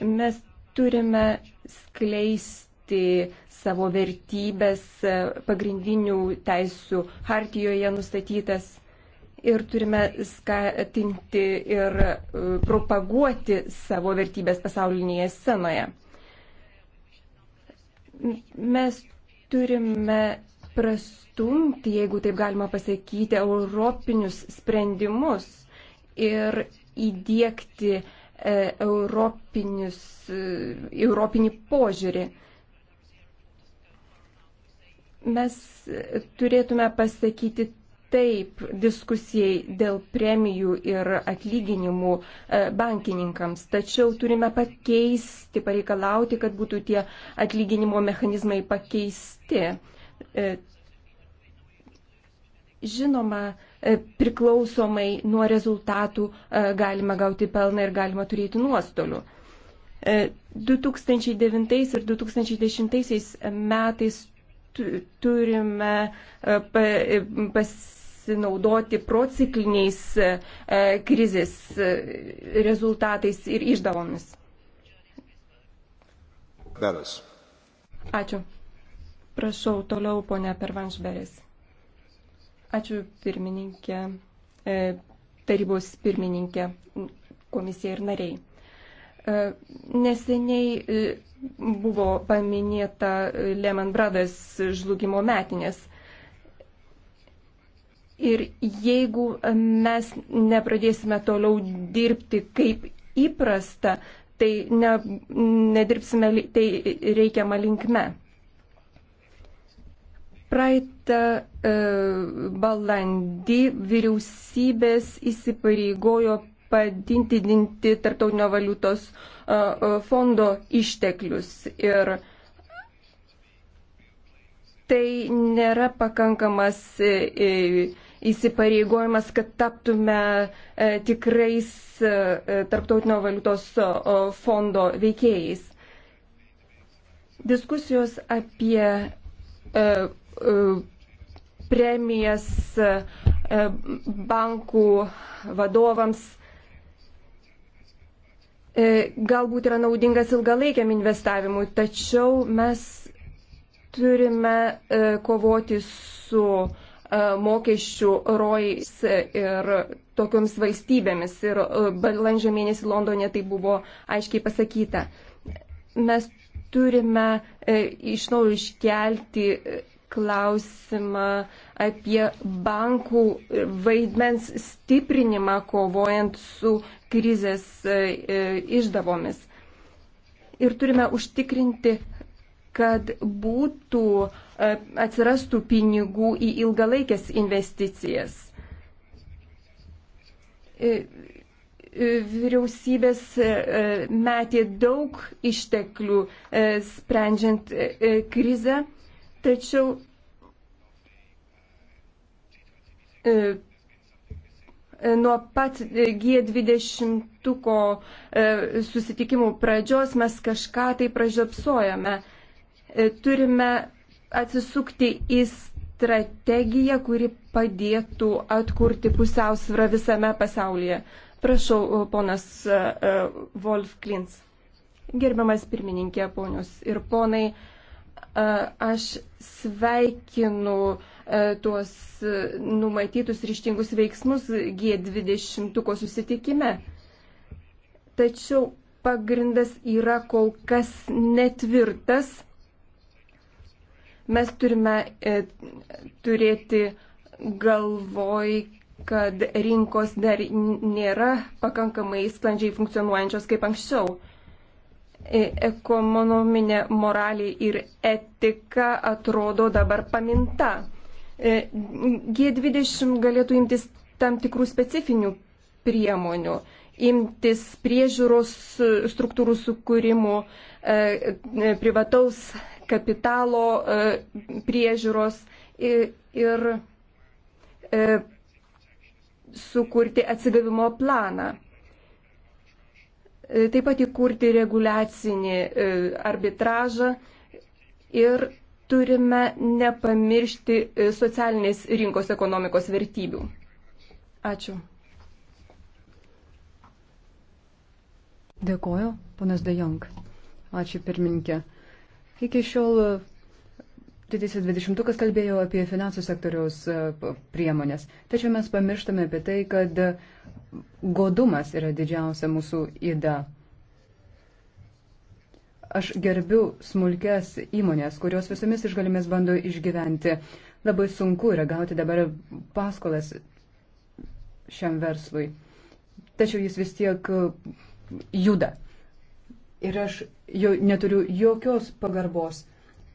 Mes turime skleisti savo vertybės e, pagrindinių teisų hartijoje nustatytas ir turime skatinti ir e, propaguoti savo vertybės pasaulinėje scenoje. Mes turime prastumti, jeigu taip galima pasakyti, europinius sprendimus ir įdėkti e, europinius, e, europinį požiūrį. Mes turėtume pasakyti taip diskusijai dėl premijų ir atlyginimų e, bankininkams, tačiau turime pakeisti, pareikalauti, kad būtų tie atlyginimo mechanizmai pakeisti. E, žinoma, e, priklausomai nuo rezultatų e, galima gauti pelną ir galima turėti nuostolių. 2009 ir 2010 metais turime pasinaudoti procikliniais krizės rezultatais ir išdavomis. Beres. Ačiū. Prašau, toliau ponia Pervanšberis. Ačiū pirmininkė, e, tarybos pirmininkė, komisija ir nariai. E, neseniai e, buvo paminėta Lehman Brothers žlugimo metinės. Ir jeigu mes nepradėsime toliau dirbti kaip įprasta, tai ne, nedirbsime tai reikiamą linkme. Praeitą e, balandį vyriausybės įsipareigojo padinti tarptautinio valiutos e, e, fondo išteklius ir tai nėra pakankamas e, e įsipareigojimas, kad taptume e, tikrais tarptautinio valiutos fondo veikėjais. Diskusijos apie E, premijas e, bankų vadovams e, galbūt yra naudingas ilgalaikiam investavimui, tačiau mes turime kovoti su mokesčių rojais ir tokioms valstybėmis. Ir balandžio mėnesį Londone tai buvo aiškiai pasakyta. Mes turime iš naujo iškelti klausimą apie bankų vaidmens stiprinimą kovojant su krizės e, e, išdavomis. Ir turime užtikrinti, kad būtų e, atsirastų pinigų į ilgalaikės investicijas. Vyriausybės metė daug išteklių sprendžiant krizę Tačiau e, e, nuo pat G20 e, susitikimų pradžios mes kažką tai pražiopsojame. Turime atsisukti į strategiją, kuri padėtų atkurti pusiausvyrą visame pasaulyje. Prašau, ponas Wolf Klins. Gerbiamas pirmininkė, ponios ir ponai. Aš sveikinu tuos numatytus ryštingus veiksmus G20 susitikime. Tačiau pagrindas yra kol kas netvirtas. Mes turime e, turėti galvoj, kad rinkos dar nėra pakankamai sklandžiai funkcionuojančios kaip anksčiau. E, ekonominė moralė ir etika atrodo dabar paminta. E, G20 galėtų imtis tam tikrų specifinių priemonių, imtis priežiūros struktūrų sukūrimų, e, privataus kapitalo priežiūros ir sukurti atsigavimo planą. E, taip pat įkurti reguliacinį e, arbitražą ir turime nepamiršti e, socialinės rinkos ekonomikos vertybių. Ačiū. Dėkoju, ponas Dejong. Ačiū pirmininkė. Iki šiol Didysis dvidešimtukas kalbėjo apie finansų sektoriaus priemonės, tačiau mes pamirštame apie tai, kad godumas yra didžiausia mūsų įda. Aš gerbiu smulkės įmonės, kurios visomis išgalimis bando išgyventi. Labai sunku yra gauti dabar paskolas šiam verslui. Tačiau jis vis tiek uh, juda. Ir aš jau neturiu jokios pagarbos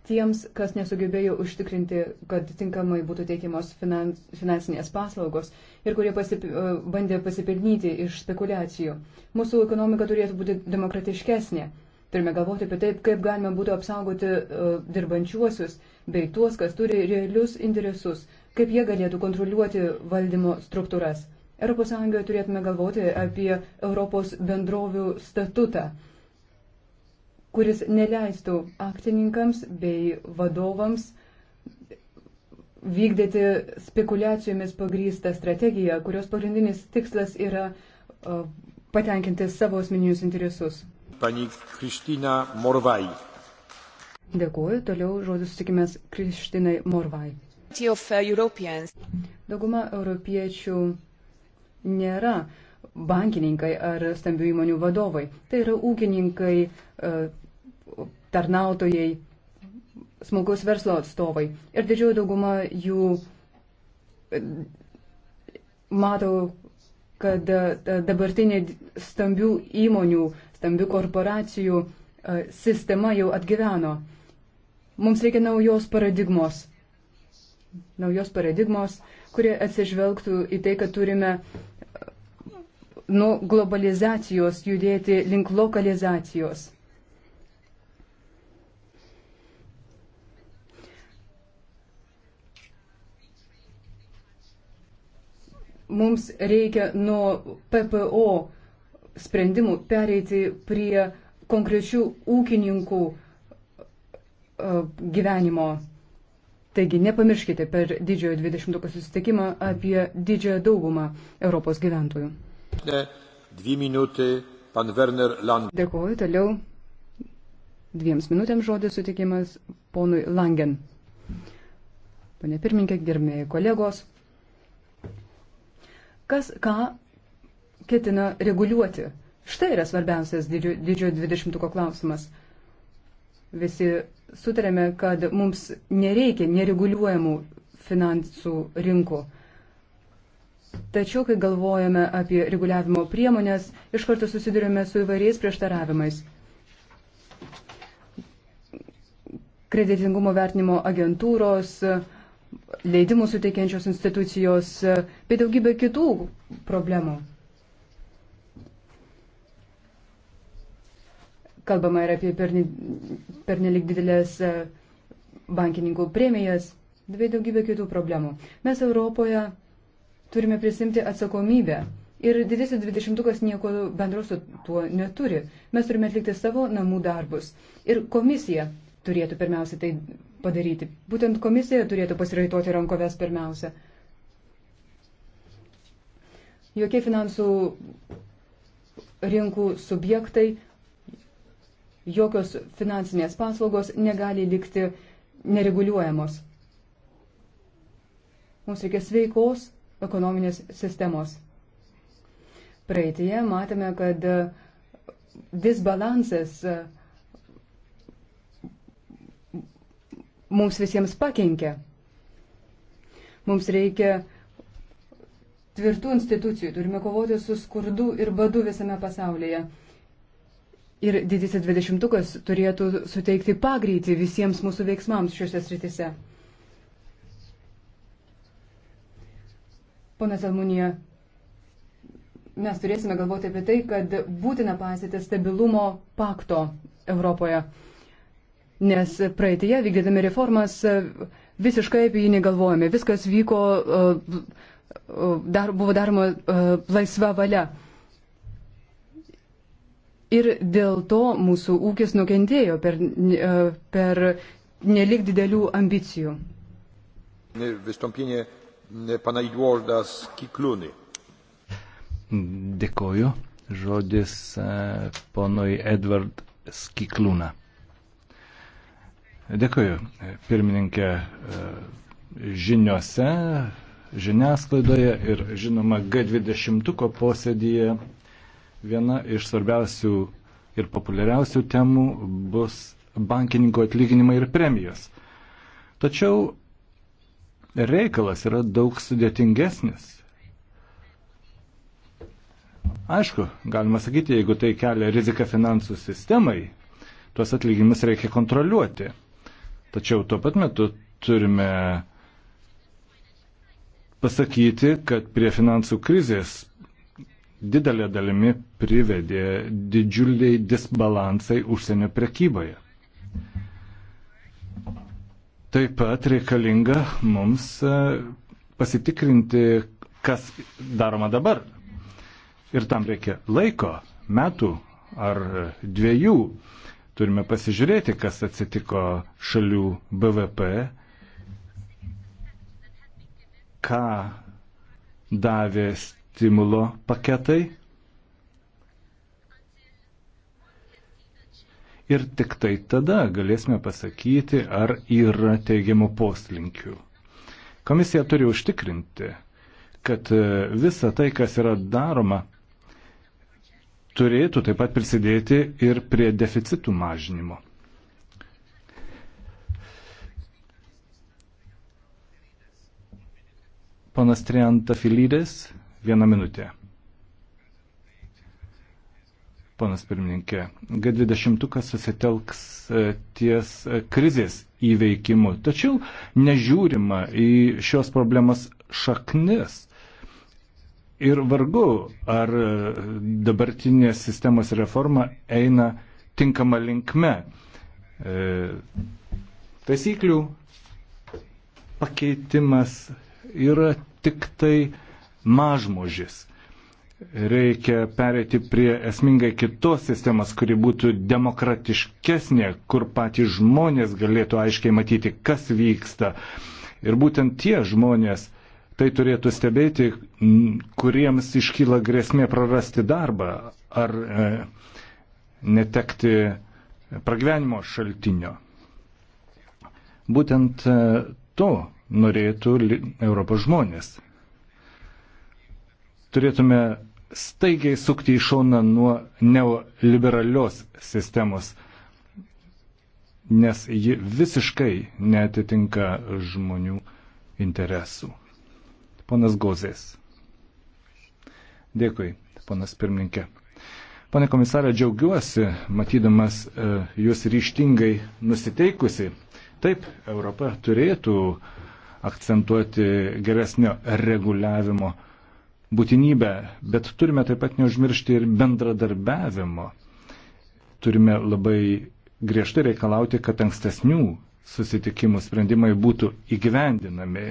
tiems, kas nesugebėjo užtikrinti, kad tinkamai būtų teikiamos finans, finansinės paslaugos ir kurie pasip, e, bandė pasipelnyti iš spekulacijų. Mūsų ekonomika turėtų būti demokratiškesnė. Turime galvoti apie tai, kaip galima būtų apsaugoti uh, dirbančiuosius bei tuos, kas turi realius interesus, kaip jie galėtų kontroliuoti valdymo struktūras. ES turėtume galvoti apie Europos bendrovių statutą. Uh, kuris neleistų akcininkams bei vadovams vykdyti spekulacijomis pagrystą strategiją, kurios pagrindinis tikslas yra patenkinti savo asmeninius interesus. Pani Kristina Morvai. Dėkuoju, toliau žodis sutikimės Kristinai Morvai. Uh, Dauguma europiečių nėra bankininkai ar stambių įmonių vadovai. Tai yra ūkininkai, tarnautojai, smulkaus verslo atstovai. Ir didžioji dauguma jų e, mato, kad e, dabartinė stambių įmonių, stambių korporacijų e, sistema jau atgyveno. Mums reikia naujos paradigmos. Naujos paradigmos, kurie atsižvelgtų į tai, kad turime nuo globalizacijos judėti link lokalizacijos. mums reikia nuo PPO sprendimų pereiti prie konkrečių ūkininkų e, gyvenimo. Taigi nepamirškite per didžiojo 20-ko susitikimą apie didžiąją daugumą Europos gyventojų. Dvi minutė, pan Werner Lang. Dėkuoju, toliau dviems minutėms žodis sutikimas ponui Langen. Pane pirmininkė, gerbėjai kolegos kas ką ketina reguliuoti. Štai yra svarbiausias didžiojo dvidešimtuko klausimas. Visi sutarėme, kad mums nereikia nereguliuojamų finansų rinkų. Tačiau, kai galvojame apie reguliavimo priemonės, iš karto susidurėme su įvairiais prieštaravimais. Kreditingumo vertinimo agentūros, uh, leidimų suteikiančios institucijos, e, bei daugybė kitų problemų. Kalbama ir apie pernelik didelės e, bankininkų premijas, bei daugybė kitų problemų. Mes Europoje turime prisimti atsakomybę. Ir didysis dvidešimtukas nieko bendro su tuo neturi. Mes turime atlikti savo namų darbus. Ir komisija turėtų pirmiausia tai padaryti. Būtent komisija turėtų pasiraitoti rankoves pirmiausia. Jokie finansų rinkų subjektai, jokios finansinės paslaugos negali likti nereguliuojamos. Mums reikia sveikos ekonominės sistemos. Praeitie matėme, kad disbalansas uh, mums visiems pakenkia. Mums reikia tvirtų institucijų, turime kovoti su skurdu ir badu visame pasaulyje. Ir didysis dvidešimtukas turėtų suteikti pagreitį visiems mūsų veiksmams šiuose sritise. Ponas Almunija, mes turėsime galvoti apie tai, kad būtina pasitė stabilumo pakto Europoje nes praeitėje vykdydami reformas e, visiškai apie jį negalvojame. Viskas vyko, e, e, dar, buvo daroma laisva valia. Ir dėl to mūsų ūkis nukentėjo per, per nelik didelių ambicijų. Vystompinė pana Idvordas Kikliūnai. Dėkoju. Žodis ponui Edvard Skiklūna. Dėkuoju, pirmininkė, e, žiniuose, žiniasklaidoje ir žinoma G20 posėdėje viena iš svarbiausių ir populiariausių temų bus bankininkų atlyginimai ir premijos. Tačiau reikalas yra daug sudėtingesnis. Aišku, galima sakyti, jeigu tai kelia riziką finansų sistemai, tuos atlyginimus reikia kontroliuoti. Tačiau tuo pat metu turime pasakyti, kad prie finansų krizės didelė dalimi privedė didžiuliai disbalansai užsienio prekyboje. Taip pat reikalinga mums e, pasitikrinti, kas daroma dabar. Ir tam reikia laiko, metų ar dviejų. Turime pasižiūrėti, kas atsitiko šalių BVP, ką davė stimulo paketai. Ir tik tai tada galėsime pasakyti, ar yra teigiamų poslinkių. Komisija turi užtikrinti, kad visa tai, kas yra daroma, turėtų taip pat prisidėti ir prie deficitų mažinimo. Panas Trianta Filydės, vieną minutę. Panas pirmininkė, G20 susitelks e, ties e, krizės įveikimu, tačiau nežiūrima į šios problemos šaknis ir vargu, ar e, dabartinės sistemos reforma eina tinkama linkme. E, taisyklių pakeitimas yra tik tai mažmožis. Reikia perėti prie esmingai kitos sistemas, kuri būtų demokratiškesnė, kur patys žmonės galėtų aiškiai matyti, kas vyksta. Ir būtent tie žmonės tai turėtų stebėti, kuriems iškyla grėsmė prarasti darbą ar e, netekti pragyvenimo šaltinio. Būtent e, to norėtų Europos žmonės. Turėtume staigiai sukti į šoną nuo neoliberalios sistemos, nes ji visiškai netitinka žmonių interesų. Ponas Gozės. Dėkui, ponas pirmininkė. Pane komisarė, džiaugiuosi, matydamas e, jūs ryštingai nusiteikusi. Taip, Europa turėtų akcentuoti geresnio reguliavimo būtinybę, bet turime taip pat neužmiršti ir bendradarbiavimo. Turime labai griežtai reikalauti, kad ankstesnių susitikimų sprendimai būtų įgyvendinami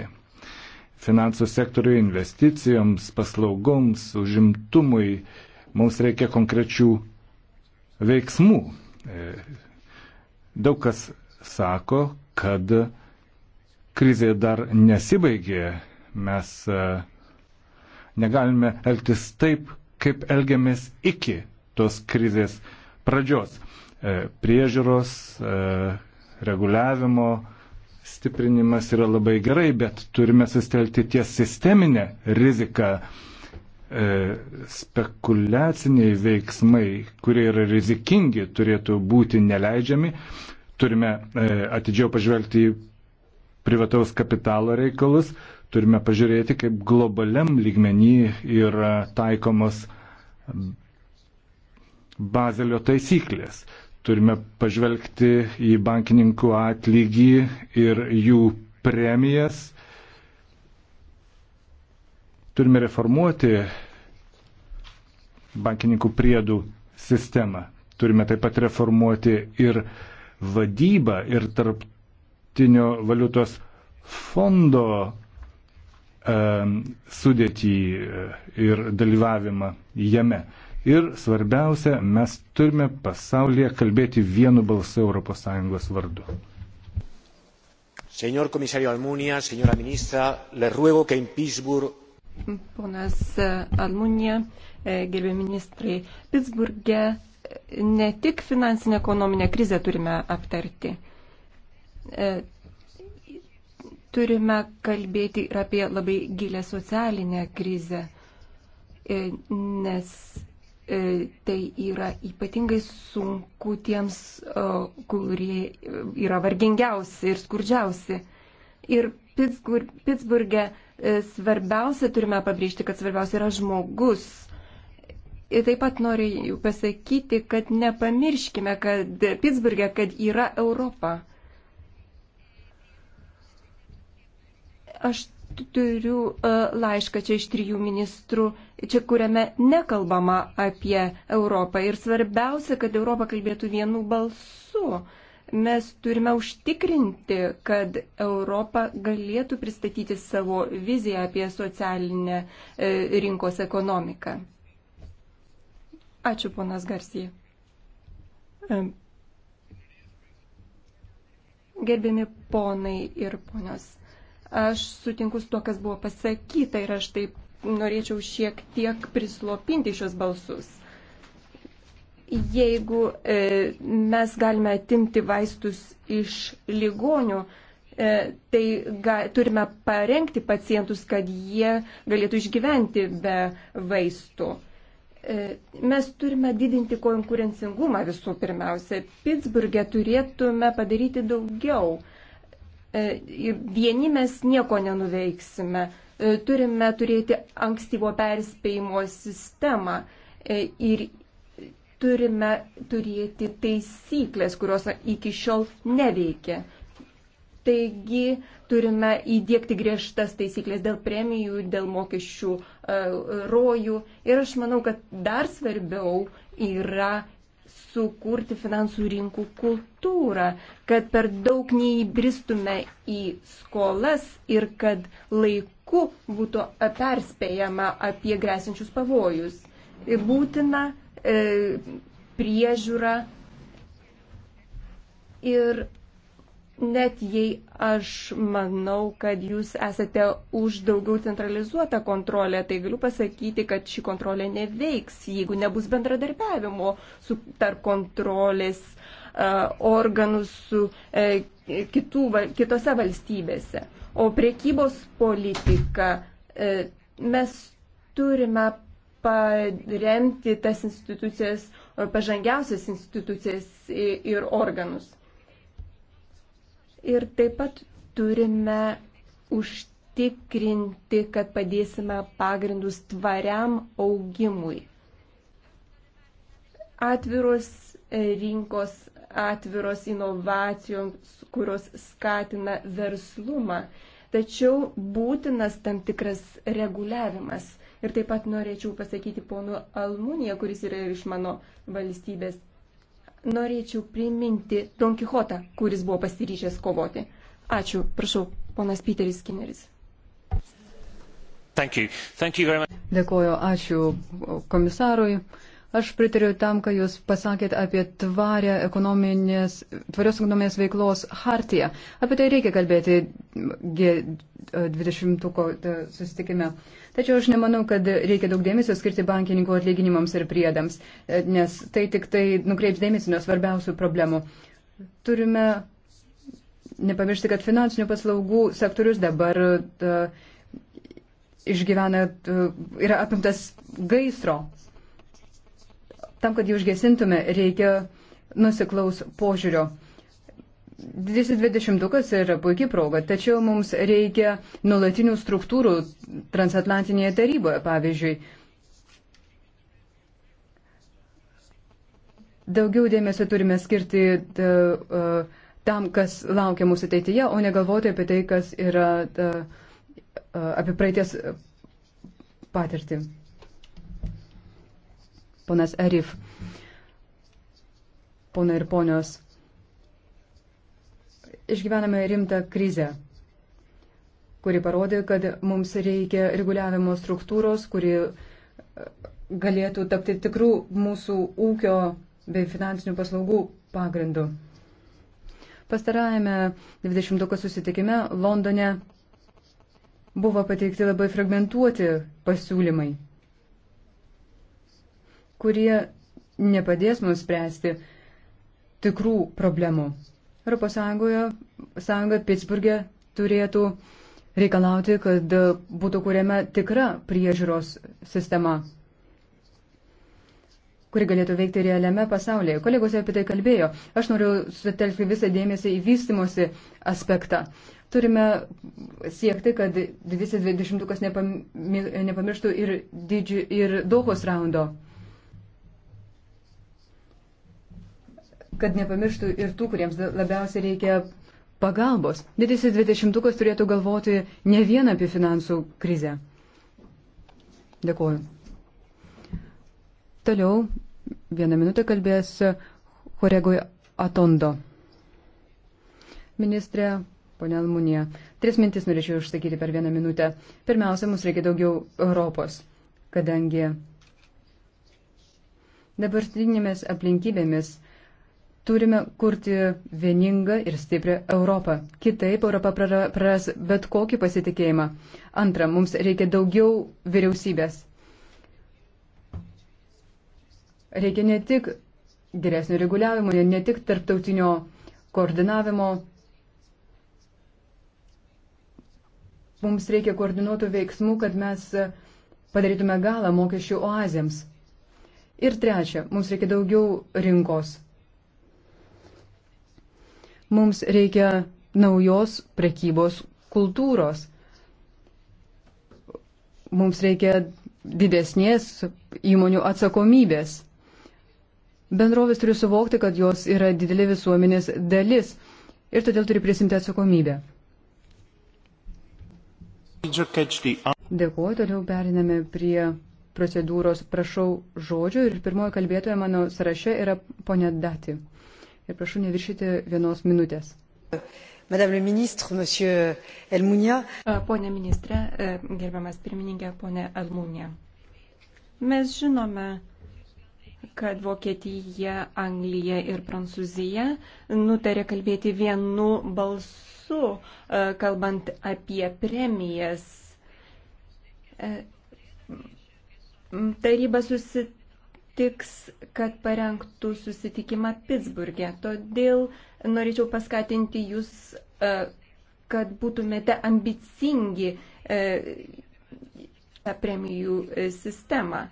finansų sektoriui, investicijoms, paslaugoms, užimtumui. Mums reikia konkrečių veiksmų. E, daug kas sako, kad krizė dar nesibaigė. Mes e, negalime elgtis taip, kaip elgiamės iki tos krizės pradžios. E, priežiūros, reguliavimo, stiprinimas yra labai gerai, bet turime sustelti ties sisteminę riziką. E, spekuliaciniai veiksmai, kurie yra rizikingi, turėtų būti neleidžiami. Turime e, atidžiau pažvelgti į privataus kapitalo reikalus, turime pažiūrėti, kaip globaliam lygmenį yra taikomos bazelio taisyklės. Turime pažvelgti į bankininkų atlygį ir jų premijas. Turime reformuoti bankininkų priedų sistemą. Turime taip pat reformuoti ir vadybą, ir tarptinio valiutos fondo e, sudėtį ir dalyvavimą jame. Ir svarbiausia, mes turime pasaulyje kalbėti vienu balsu ES vardu. Señor komisario Almunia, señora ministra, le ruego que en Pittsburgh. Ponas eh, Almunia, eh, gerbė ministrai, Pittsburghe eh, ne tik finansinę ekonominę krizę turime aptarti turime kalbėti ir apie labai gilę socialinę krizę, nes E, tai yra ypatingai sunku tiems, e, kurie e, yra vargingiausi ir skurdžiausi. Ir Pittsburgė svarbiausia, turime pabrėžti, kad svarbiausia yra žmogus. Ir taip pat noriu pasakyti, kad nepamirškime, kad Pittsburgė, kad yra Europa. Aš turiu e, laišką čia iš trijų ministrų, čia kuriame nekalbama apie Europą. Ir svarbiausia, kad Europa kalbėtų vienu balsu. Mes turime užtikrinti, kad Europa galėtų pristatyti savo viziją apie socialinę e, rinkos ekonomiką. Ačiū, ponas Garsija. E, gerbiami ponai ir ponios. Aš sutinku su to, kas buvo pasakyta ir aš taip norėčiau šiek tiek prislopinti šios balsus. Jeigu e, mes galime atimti vaistus iš ligonių, e, tai ga, turime parengti pacientus, kad jie galėtų išgyventi be vaistų. E, mes turime didinti konkurencingumą visų pirmiausia. Pittsburgė turėtume padaryti daugiau. E, E, vieni mes nieko nenuveiksime. E, turime turėti ankstyvo perspėjimo sistemą e, ir turime turėti taisyklės, kurios iki šiol neveikia. Taigi turime įdėkti griežtas taisyklės dėl premijų, dėl mokesčių rojų. Ir aš manau, kad dar svarbiau yra sukurti finansų rinkų kultūrą, kad per daug neįbristume į skolas ir kad laiku būtų perspėjama apie grėsinčius pavojus. Būtina e, priežiūra ir net jei aš manau, kad jūs esate už daugiau centralizuotą kontrolę, tai galiu pasakyti, kad ši kontrolė neveiks, jeigu nebus bendradarbiavimo su, tarp kontrolės uh, organų su uh, kitų, kitose valstybėse. O priekybos politika uh, mes turime paremti tas institucijas, pažangiausias institucijas ir organus. Ir taip pat turime užtikrinti, kad padėsime pagrindus tvariam augimui. Atviros rinkos, atviros inovacijoms, kurios skatina verslumą, tačiau būtinas tam tikras reguliavimas. Ir taip pat norėčiau pasakyti ponu Almunija, kuris yra iš mano valstybės norėčiau priminti Don Kichotą, kuris buvo pasiryžęs kovoti. Ačiū, prašau, ponas Piteris Skinneris. Thank you. Thank you Dėkuoju, ačiū komisarui. Aš pritariu tam, ką Jūs pasakėt apie tvarę ekonominės, tvarios ekonominės veiklos hartiją. Apie tai reikia kalbėti G20 e, susitikime. Uh, Tačiau aš nemanau, kad reikia daug dėmesio skirti bankininkų atlyginimams ir priedams, e, nes tai tik tai nukreips dėmesį nuo svarbiausių problemų. Turime nepamiršti, kad finansinių paslaugų sektorius dabar ta, e, išgyvena, ta, e, yra apimtas gaisro. Tam, kad jį užgesintume, reikia nusiklaus požiūrio. 222 yra puikiai proga, tačiau mums reikia nulatinių struktūrų transatlantinėje taryboje, pavyzdžiui. Daugiau dėmesio turime skirti e, tam, kas laukia mūsų ateityje, o negalvoti apie tai, kas yra e, apie praeities patirtį. Ponas Arif. Pona ir ponios išgyvename rimtą krizę, kuri parodė, kad mums reikia reguliavimo struktūros, kuri e, galėtų tapti tikrų mūsų ūkio bei finansinių paslaugų pagrindu. Pastarajame 20-ko susitikime Londone buvo pateikti labai fragmentuoti pasiūlymai, kurie nepadės mums spręsti tikrų problemų. Europos Sąjungoje, Sąjunga Pittsburgė turėtų reikalauti, kad būtų kuriama tikra priežiūros sistema, kuri galėtų veikti realiame pasaulyje. Kolegos apie tai kalbėjo. Aš noriu sutelkti visą dėmesį į vystimosi aspektą. Turime siekti, kad visi dvidešimtukas nepamirštų ir, didži, ir Dohos raundo. kad nepamirštų ir tų, kuriems labiausiai reikia pagalbos. Didysis dvidešimtukas turėtų galvoti ne vien apie finansų krizę. Dėkuoju. Toliau vieną minutę kalbės Horegui Atondo. Ministrė, ponė Almunija, tris mintis norėčiau išsakyti per vieną minutę. Pirmiausia, mums reikia daugiau Europos, kadangi dabartinėmis aplinkybėmis Turime kurti vieningą ir stiprią Europą. Kitaip Europa praras bet kokį pasitikėjimą. Antra, mums reikia daugiau vyriausybės. Reikia ne tik geresnio reguliavimo, ne tik tarptautinio koordinavimo. Mums reikia koordinuotų veiksmų, kad mes padarytume galą mokesčių oazėms. Ir trečia, mums reikia daugiau rinkos. Mums reikia naujos prekybos kultūros. Mums reikia didesnės įmonių atsakomybės. Bendrovės turi suvokti, kad jos yra didelė visuomenės dalis ir todėl turi prisimti atsakomybę. Dėkuoju, toliau periname prie procedūros. Prašau žodžių ir pirmoji kalbėtoja mano sąraše yra ponė Dati ir prašau neviršyti vienos minutės. Madame le ministre, monsieur Elmūnė. Pone ministre, e, gerbiamas pirmininkė, pone Elmūnė. Mes žinome, kad Vokietija, Anglija ir Prancūzija nutarė kalbėti vienu balsu, e, kalbant apie premijas. E, taryba susitikė sutiks, kad parengtų susitikimą Pittsburgė. Todėl norėčiau paskatinti jūs, e, kad būtumėte ambicingi e, premijų e, sistemą.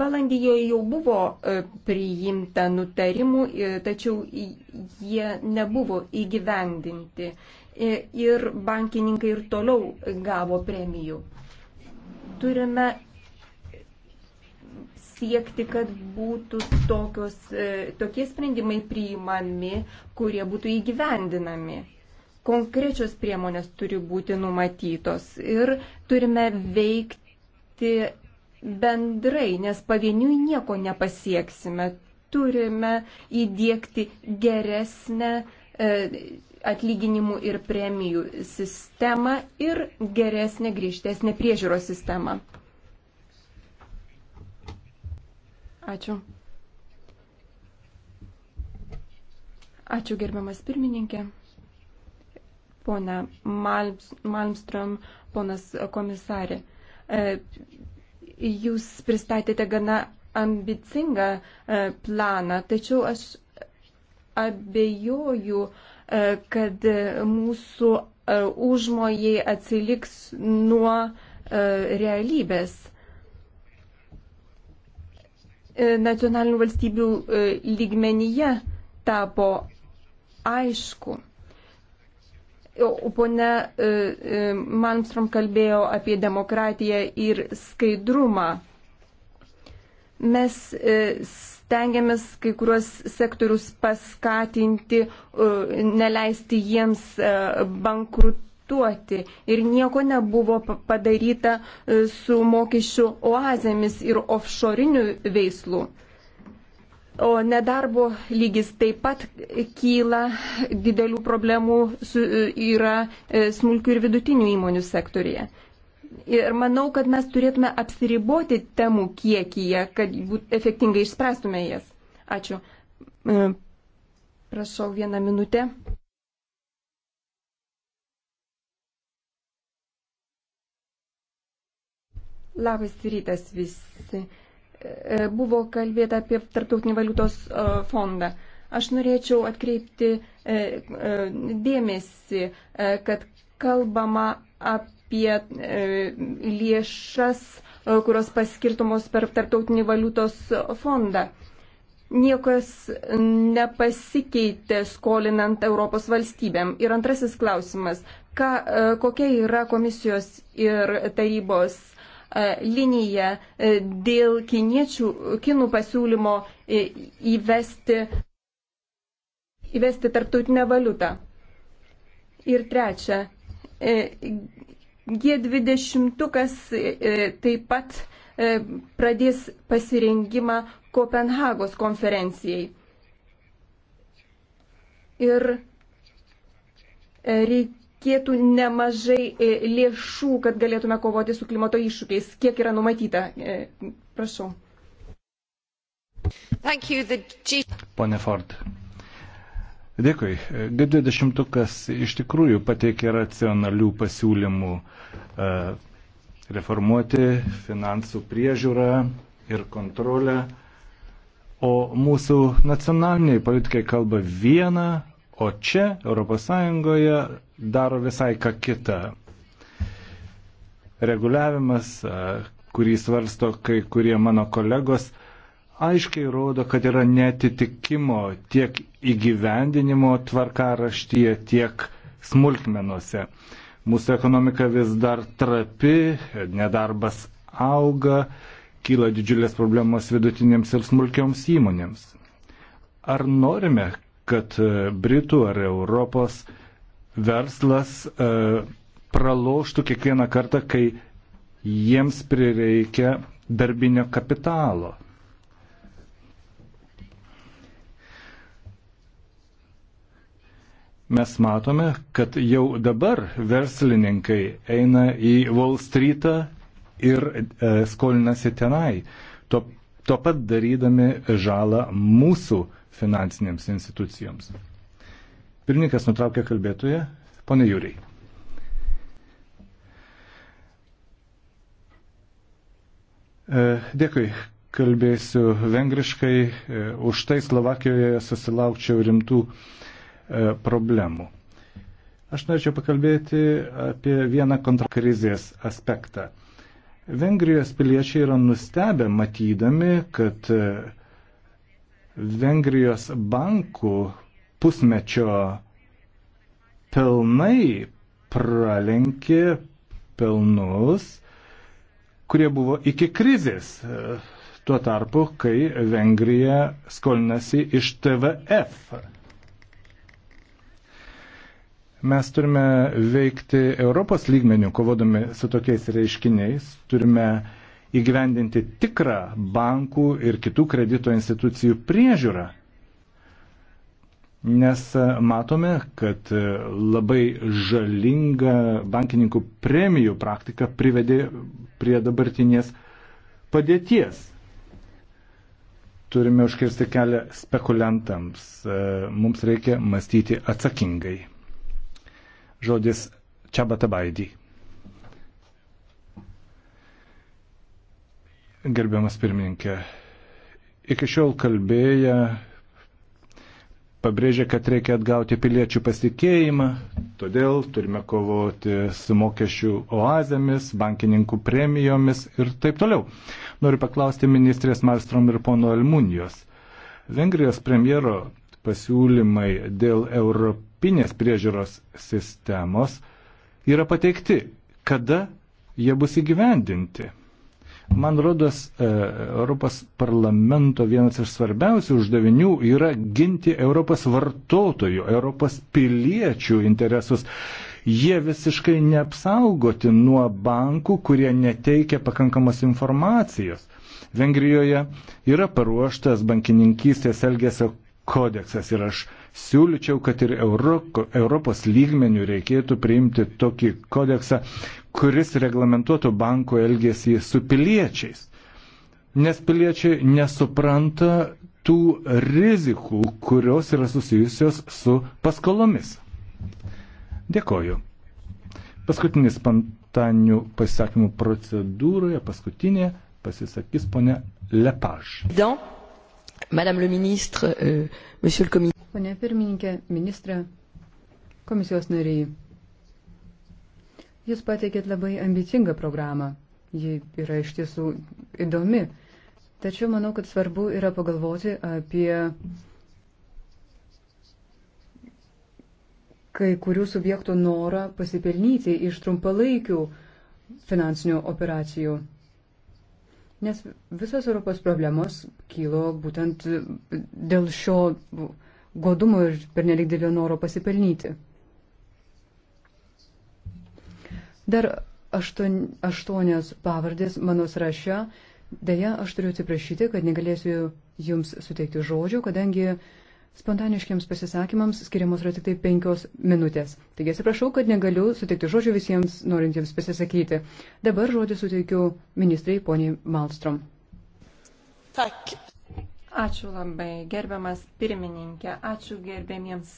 Balandį jau buvo priimta nutarimų, tačiau jie nebuvo įgyvendinti ir bankininkai ir toliau gavo premijų. Turime siekti, kad būtų tokios, e, tokie sprendimai priimami, kurie būtų įgyvendinami. Konkrečios priemonės turi būti numatytos ir turime veikti bendrai, nes pavieniui nieko nepasieksime. Turime įdėkti geresnę e, atlyginimų ir premijų sistemą ir geresnę grįžtesnę priežiūros sistemą. Ačiū. Ačiū gerbiamas pirmininkė. Pone Malmström, ponas komisarė, e, jūs pristatėte gana ambicingą e, planą, tačiau aš abejoju, e, kad mūsų užmojai atsiliks nuo realybės. E, nacionalinių valstybių e, lygmenyje tapo aišku. Pone e, Malmstrom kalbėjo apie demokratiją ir skaidrumą. Mes stengiamės kai kuriuos sektorius paskatinti, neleisti jiems bankrutuoti investuoti ir nieko nebuvo padaryta e, su mokesčių oazėmis ir offshorinių veislų. O nedarbo lygis taip pat kyla, didelių problemų su, e, yra e, smulkių ir vidutinių įmonių sektorija. Ir manau, kad mes turėtume apsiriboti temų kiekyje, kad būt, efektingai išspręstume jas. Ačiū. Prašau vieną minutę. Labas rytas visi. E, buvo kalbėta apie Tarptautinį valiutos e, fondą. Aš norėčiau atkreipti e, dėmesį, kad kalbama apie lėšas, kurios paskirtumos per Tarptautinį valiutos fondą. Niekas nepasikeitė skolinant Europos valstybėm. Ir antrasis klausimas, ką, kokia yra komisijos ir tarybos E, liniją e, dėl kiniečių, kinų pasiūlymo e, įvesti, įvesti tarptautinę valiutą. Ir trečia, G20 taip pat pradės pasirengimą Kopenhagos konferencijai. Ir reikia reikėtų nemažai e, lėšų, kad galėtume kovoti su klimato iššūkiais. Kiek yra numatyta? E, prašau. G... Pone Ford. Dėkui. G20 iš tikrųjų pateikė racionalių pasiūlymų e, reformuoti finansų priežiūrą ir kontrolę, o mūsų nacionaliniai politikai kalba vieną, O čia ES daro visai ką kitą. Reguliavimas, kurį svarsto kai kurie mano kolegos, aiškiai rodo, kad yra netitikimo tiek įgyvendinimo tvarkaraštyje, tiek smulkmenuose. Mūsų ekonomika vis dar trapi, nedarbas auga, kyla didžiulės problemos vidutinėms ir smulkioms įmonėms. Ar norime, kad e, Britų ar Europos verslas e, praloštų kiekvieną kartą, kai jiems prireikia darbinio kapitalo. Mes matome, kad jau dabar verslininkai eina į Wall Streetą ir e, skolinasi tenai, tuo, tuo pat darydami žalą mūsų finansinėms institucijoms. Pirmininkas nutraukė kalbėtoje, ponė Jūriai. E, dėkui, kalbėsiu vengriškai, e, už tai Slovakijoje susilaukčiau rimtų e, problemų. Aš norėčiau pakalbėti apie vieną kontrakrizės aspektą. Vengrijos piliečiai yra nustebę matydami, kad Vengrijos bankų pusmečio pelnai pralenkė pelnus, kurie buvo iki krizės. Tuo tarpu, kai Vengrija skolinasi iš TVF. Mes turime veikti Europos lygmenių, kovodami su tokiais reiškiniais, turime uh, įgyvendinti tikrą bankų ir kitų kredito institucijų priežiūrą. Nes e, matome, kad e, labai žalinga bankininkų premijų praktika privedė prie dabartinės padėties. Turime užkirsti kelią spekuliantams. E, mums reikia mąstyti atsakingai. Žodis Čabatabaidį. Gerbiamas pirmininkė, iki šiol kalbėję pabrėžė, kad reikia atgauti piliečių pasitikėjimą, todėl turime kovoti su mokesčių oazėmis, bankininkų premijomis ir taip toliau. Noriu paklausti ministrės Malstrom ir pono Almunijos. Vengrijos premjero pasiūlymai dėl europinės priežiūros sistemos yra pateikti. Kada jie bus įgyvendinti? Man rodos, e, Europos parlamento vienas iš svarbiausių uždavinių yra ginti Europos vartotojų, Europos piliečių interesus. Jie visiškai neapsaugoti nuo bankų, kurie neteikia pakankamos informacijos. Vengrijoje yra paruoštas bankininkystės elgesio kodeksas ir aš uh, Siūlyčiau, kad ir Euro, Europos lygmenių reikėtų priimti tokį kodeksą, kuris reglamentuotų banko elgesį su piliečiais. Nes piliečiai nesupranta tų rizikų, kurios yra susijusios su paskolomis. Dėkoju. Paskutinis spontanių pasisakymų procedūroje, paskutinė, pasisakys ponia Lepaž. Madame le ministre, euh, monsieur le commissaire. Pone pirmininkė, ministrė, komisijos nariai. Jūs pateikėt labai ambicingą programą. Ji yra iš tiesų įdomi. Tačiau manau, kad svarbu yra pagalvoti apie kai kurių subjektų norą pasipelnyti iš trumpalaikių finansinių operacijų. Nes visos Europos problemos kilo būtent dėl šio godumo ir pernelik dėlio noro pasipelnyti. Dar aštuon, aštuonios pavardės mano sąraše. Deja, aš turiu atsiprašyti, kad negalėsiu jums suteikti žodžių, kadangi spontaniškiams pasisakymams skiriamos yra tik tai penkios minutės. Taigi atsiprašau, kad negaliu suteikti žodžių visiems norintiems pasisakyti. Dabar žodį suteikiu ministrai poniai Malstrom. Tak. Ačiū labai, gerbiamas pirmininkė, ačiū gerbiamiems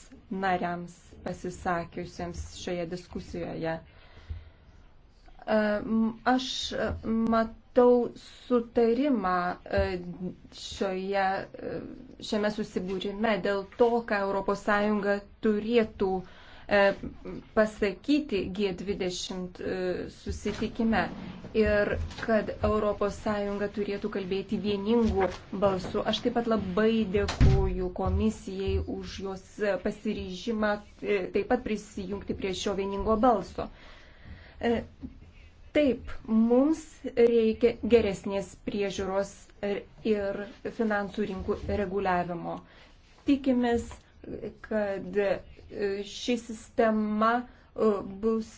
nariams pasisakiusiems šioje diskusijoje. E, aš matau sutarimą e, šioje, e, šiame susibūrime dėl to, ką ES turėtų E, pasakyti G20 e, susitikime ir kad ES turėtų kalbėti vieningų balsų. Aš taip pat labai dėkuoju komisijai už jos pasiryžimą e, taip pat prisijungti prie šio vieningo balso. Taip, mums reikia geresnės priežiūros ir finansų rinkų reguliavimo. Tikimės, kad ši sistema e, bus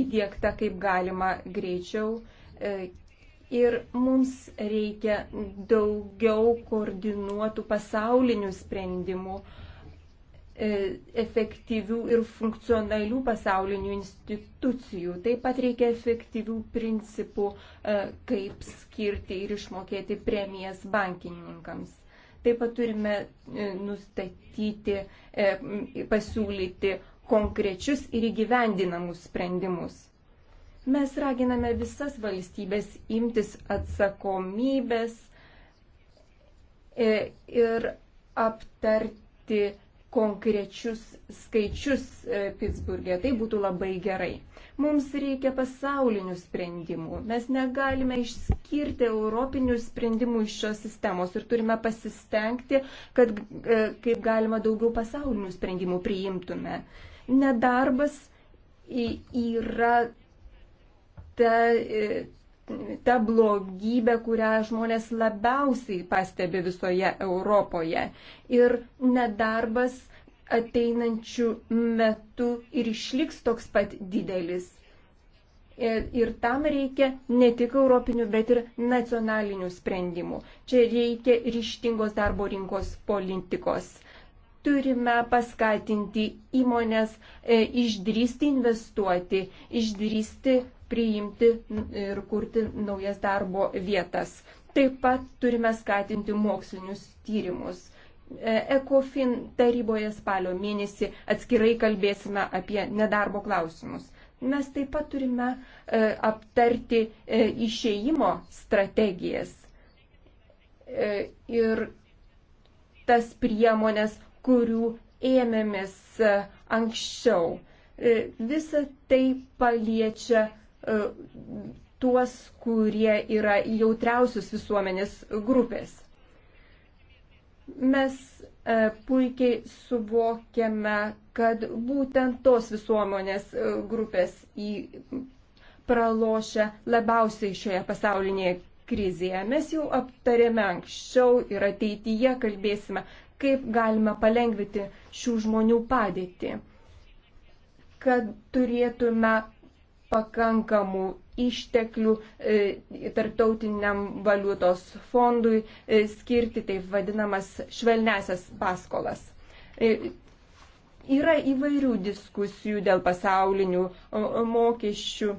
įdėkta kaip galima greičiau e, ir mums reikia daugiau koordinuotų pasaulinių sprendimų, e, efektyvių ir funkcionalių pasaulinių institucijų. Taip pat reikia efektyvių principų, kaip skirti ir išmokėti premijas bankininkams. Taip pat turime e, nustatyti, e, pasiūlyti konkrečius ir įgyvendinamus sprendimus. Mes raginame visas valstybės imtis atsakomybės e, ir aptarti konkrečius skaičius e, Pittsburgė. Tai būtų labai gerai. Mums reikia pasaulinių sprendimų. Mes negalime išskirti europinių sprendimų iš šios sistemos ir turime pasistengti, kad e, kaip galima daugiau pasaulinių sprendimų priimtume. Nedarbas yra ta e, ta blogybė, kurią žmonės labiausiai pastebi visoje Europoje. Ir nedarbas ateinančių metų ir išliks toks pat didelis. E, ir tam reikia ne tik europinių, bet ir nacionalinių sprendimų. Čia reikia ryštingos darbo rinkos politikos. Turime paskatinti įmonės e, išdrysti investuoti, išdrysti priimti ir kurti naujas darbo vietas. Taip pat turime skatinti mokslinius tyrimus. E, ECOFIN taryboje spalio mėnesį atskirai kalbėsime apie nedarbo klausimus. Mes taip pat turime e, aptarti e, išėjimo strategijas ir tas priemonės, kurių ėmėmės anksčiau. Visa tai paliečia E, tuos, kurie yra jautriausius visuomenės grupės. Mes e, puikiai suvokiame, kad būtent tos visuomenės e, grupės į pralošia labiausiai šioje pasaulinėje krizėje. Mes jau aptarėme anksčiau ir ateityje kalbėsime, kaip galime palengvinti šių žmonių padėtį, kad turėtume pakankamų išteklių e, tarptautiniam valiutos fondui e, skirti taip vadinamas švelnesias paskolas. E, yra įvairių diskusijų dėl pasaulinių mokesčių.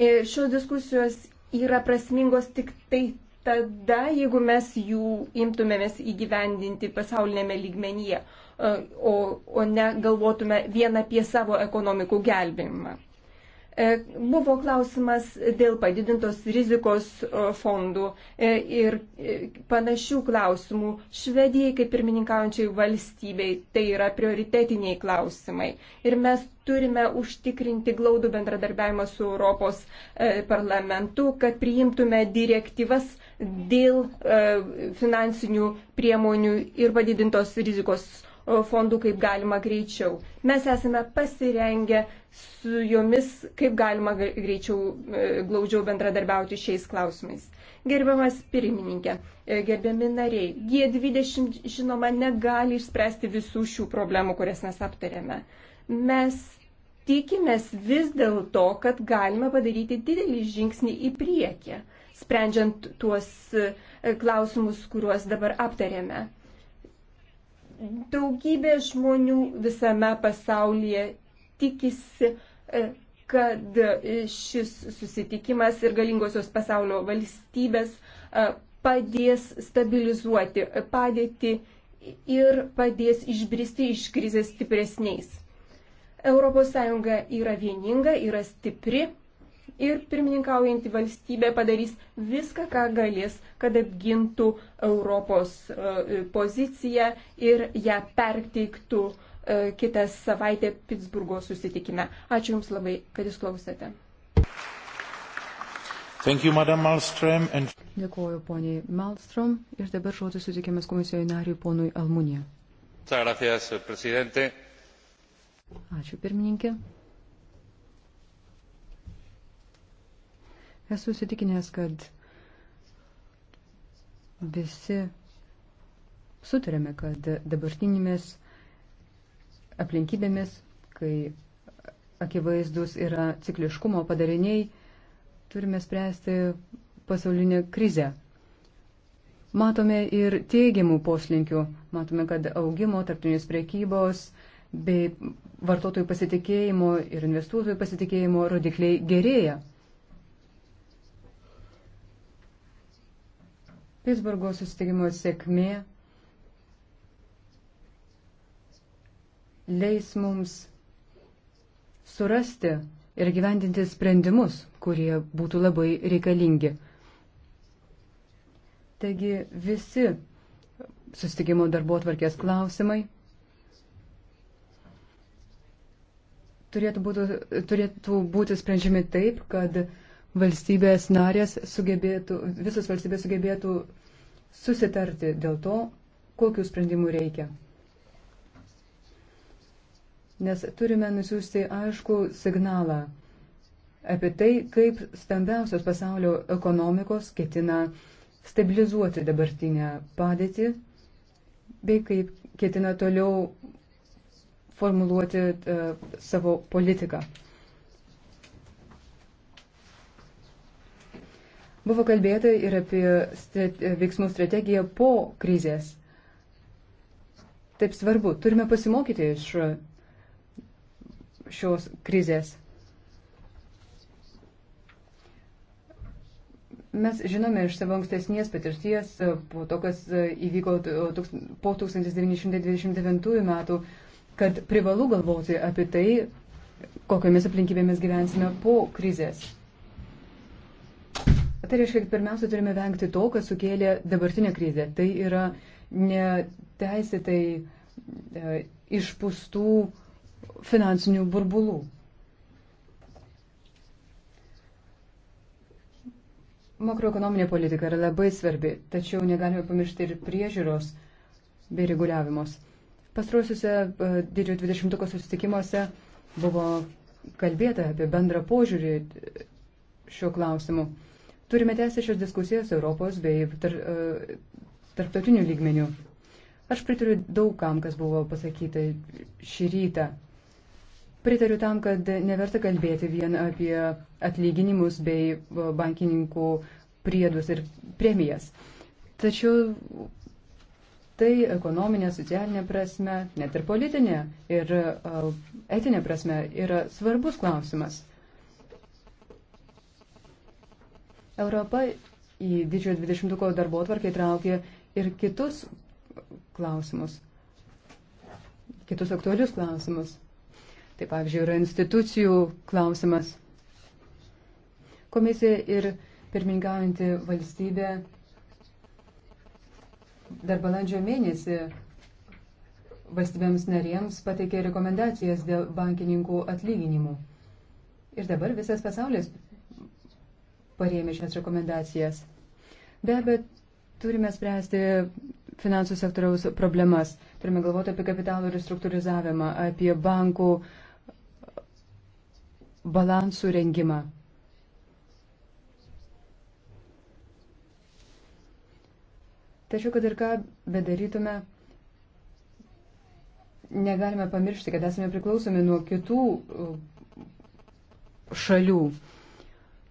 E, šios diskusijos yra prasmingos tik tai tada, jeigu mes jų imtumėmės įgyvendinti pasaulinėme lygmenyje. E, o, o ne galvotume vien apie savo ekonomikų gelbėjimą. E, buvo klausimas dėl padidintos rizikos e, fondų ir panašių klausimų Švedijai kaip pirmininkaujančiai valstybei. Tai yra prioritetiniai klausimai. Ir mes turime užtikrinti glaudų bendradarbiavimą su Europos parlamentu, kad priimtume direktyvas dėl finansinių priemonių ir padidintos rizikos fondų fondų kaip galima greičiau. Mes esame pasirengę su jomis kaip galima greičiau, e, glaudžiau bendradarbiauti šiais klausimais. Gerbiamas pirmininkė, e, gerbiami nariai, G20 žinoma negali išspręsti visų šių problemų, kurias mes aptarėme. Mes tikimės vis dėlto, kad galime padaryti didelį žingsnį į priekį, sprendžiant tuos e, klausimus, kuriuos dabar aptarėme Daugybė žmonių visame pasaulyje tikisi, e, kad šis susitikimas ir galingosios pasaulio valstybės e, padės stabilizuoti padėtį ir padės išbristi iš krizės stipresniais. ES yra vieninga, yra stipri ir pirmininkaujanti valstybė padarys viską, ką galės, kad apgintų Europos e, poziciją ir ją perteiktų e, kitą savaitę Pittsburgo susitikime. Ačiū Jums labai, kad išklausėte. Thank you, Malmström, and... Dėkuoju poniai Malmström ir dabar žodį sutikėmės komisijoje nariui ponui Almunija. Ačiū pirmininkė. Esu įsitikinęs, kad visi sutarėme, kad dabartinėmis aplinkybėmis, kai akivaizdus yra cikliškumo padariniai, turime spręsti pasaulinę krizę. Matome ir teigiamų poslinkių. Matome, kad augimo, tarptautinės priekybos bei vartotojų pasitikėjimo ir investuotojų pasitikėjimo rodikliai gerėja. Pittsburgo susitikimo sėkmė leis mums surasti ir gyvendinti sprendimus, kurie būtų labai reikalingi. Taigi visi susitikimo darbo atvarkės klausimai turėtų, būtų, turėtų būti sprendžiami taip, kad valstybės narės sugebėtų, visos valstybės sugebėtų susitarti dėl to, kokius sprendimų reikia. Nes turime nusiųsti aišku signalą apie tai, kaip stambiausios pasaulio ekonomikos ketina stabilizuoti dabartinę padėtį bei kaip ketina toliau formuluoti uh, savo politiką. Buvo kalbėta ir apie strate veiksmų strategiją po krizės. Taip svarbu, turime pasimokyti iš šios krizės. Mes žinome iš savo ankstesnės patirties, po to, kas įvyko po 1929 metų, kad privalu galvoti apie tai, kokiamis aplinkybėmis gyvensime po krizės. Tai reiškia, kad pirmiausia turime vengti to, kas sukėlė dabartinę krizę. Tai yra neteisėtai e, išpūstų finansinių burbulų. Makroekonominė politika yra labai svarbi, tačiau negalime pamiršti ir priežiūros bei reguliavimus. Pastruosiuose e, didžiojo 20-ko susitikimuose buvo kalbėta apie bendrą požiūrį e, šiuo klausimu. Turime tęsti šios diskusijos Europos bei tar, e, tarptautinių lygmenių. Aš pritariu daugam, kas buvo pasakyta šį rytą. Pritariu tam, kad neverta kalbėti vien apie atlyginimus bei e, bankininkų priedus ir premijas. Tačiau tai ekonominė, socialinė prasme, net ir politinė ir e, etinė prasme yra svarbus klausimas. Europa į didžiojo dvidešimtuko darbo atvarkę įtraukė ir kitus klausimus, kitus aktualius klausimus. Tai pavyzdžiui, yra institucijų klausimas. Komisija ir pirmininkaujanti valstybė dar balandžio mėnesį valstybėms narėms pateikė rekomendacijas dėl bankininkų atlyginimų. Ir dabar visas pasaulis parėmė šias rekomendacijas. Be abejo, turime spręsti finansų sektoriaus problemas. Turime galvoti apie kapitalo restruktūrizavimą, apie bankų balansų rengimą. Tačiau, kad ir ką bedarytume, negalime pamiršti, kad esame priklausomi nuo kitų šalių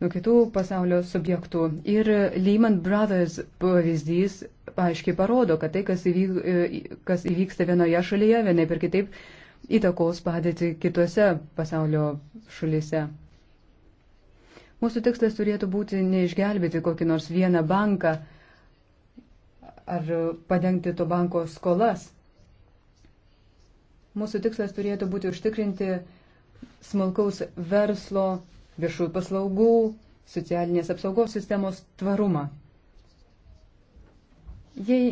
nuo kitų pasaulio subjektų. Ir Lehman Brothers pavyzdys aiškiai parodo, kad tai, kas, įvyk, e, kas įvyksta vienoje šalyje, vienai per kitaip įtakos padėti kitose pasaulio šalyse. Mūsų tikslas turėtų būti neišgelbėti kokį nors vieną banką ar padengti to banko skolas. Mūsų tikslas turėtų būti užtikrinti smulkaus verslo viešųjų paslaugų, socialinės apsaugos sistemos tvarumą. Jei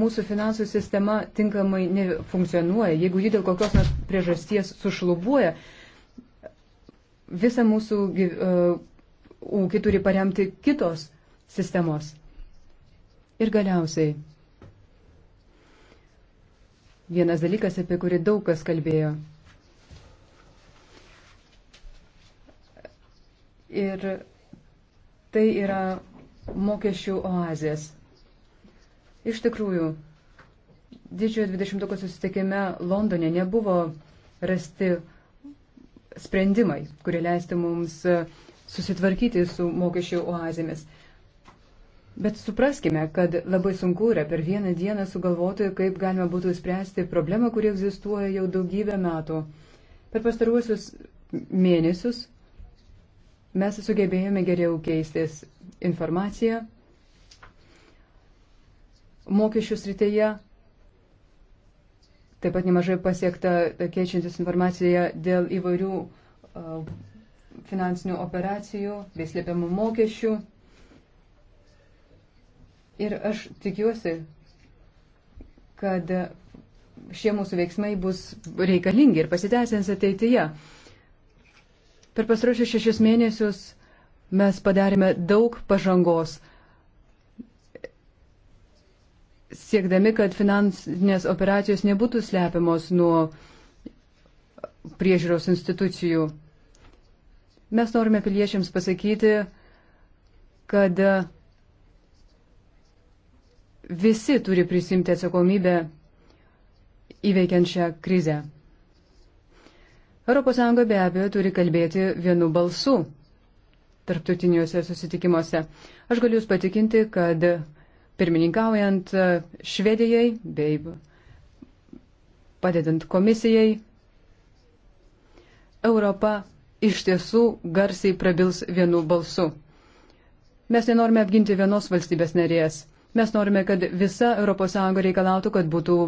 mūsų finansų sistema tinkamai nefunkcionuoja, jeigu ji dėl kokios nors priežasties sušlubuoja, visą mūsų uh, ūkį turi paremti kitos sistemos. Ir galiausiai vienas dalykas, apie kurį daug kas kalbėjo ir tai yra mokesčių oazės. Iš tikrųjų, didžiojo 20-ko susitikime Londone nebuvo rasti sprendimai, kurie leisti mums susitvarkyti su mokesčių oazėmis. Bet supraskime, kad labai sunku yra per vieną dieną sugalvoti, kaip galima būtų spręsti problemą, kuri egzistuoja jau daugybę metų. Per pastaruosius mėnesius mes sugebėjome geriau keistis informaciją mokesčių srityje. Taip pat nemažai pasiekta keičiantis informaciją dėl įvairių uh, finansinių operacijų bei slėpiamų mokesčių. Ir aš tikiuosi, kad šie mūsų veiksmai bus reikalingi ir pasiteisins ateityje. Uh, Per pastarusius šešis mėnesius mes padarėme daug pažangos, siekdami, kad finansinės operacijos nebūtų slepiamos nuo priežiūros institucijų. Mes norime piliečiams pasakyti, kad visi turi prisimti atsakomybę įveikiant šią krizę. ES be abejo turi kalbėti vienu balsu tarptautiniuose susitikimuose. Aš galiu Jūs patikinti, kad pirmininkaujant Švedijai bei padedant komisijai, Europa iš tiesų garsiai prabils vienu balsu. Mes nenorime apginti vienos valstybės narės. Mes norime, kad visa ES reikalautų, kad būtų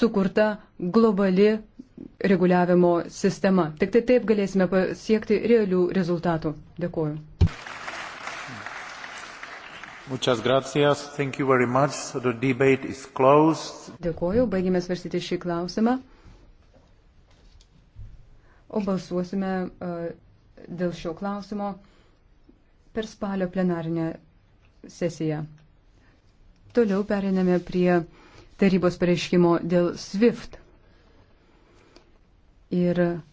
sukurta globali reguliavimo sistema. Tik tai taip galėsime pasiekti realių rezultatų. Dėkuoju. Muchas gracias. Thank you very much. So the debate is closed. Dėkuoju. Baigėme svarstyti šį klausimą. O balsuosime uh, dėl šio klausimo per spalio plenarinę sesiją. Toliau periname prie tarybos pareiškimo dėl SWIFT ir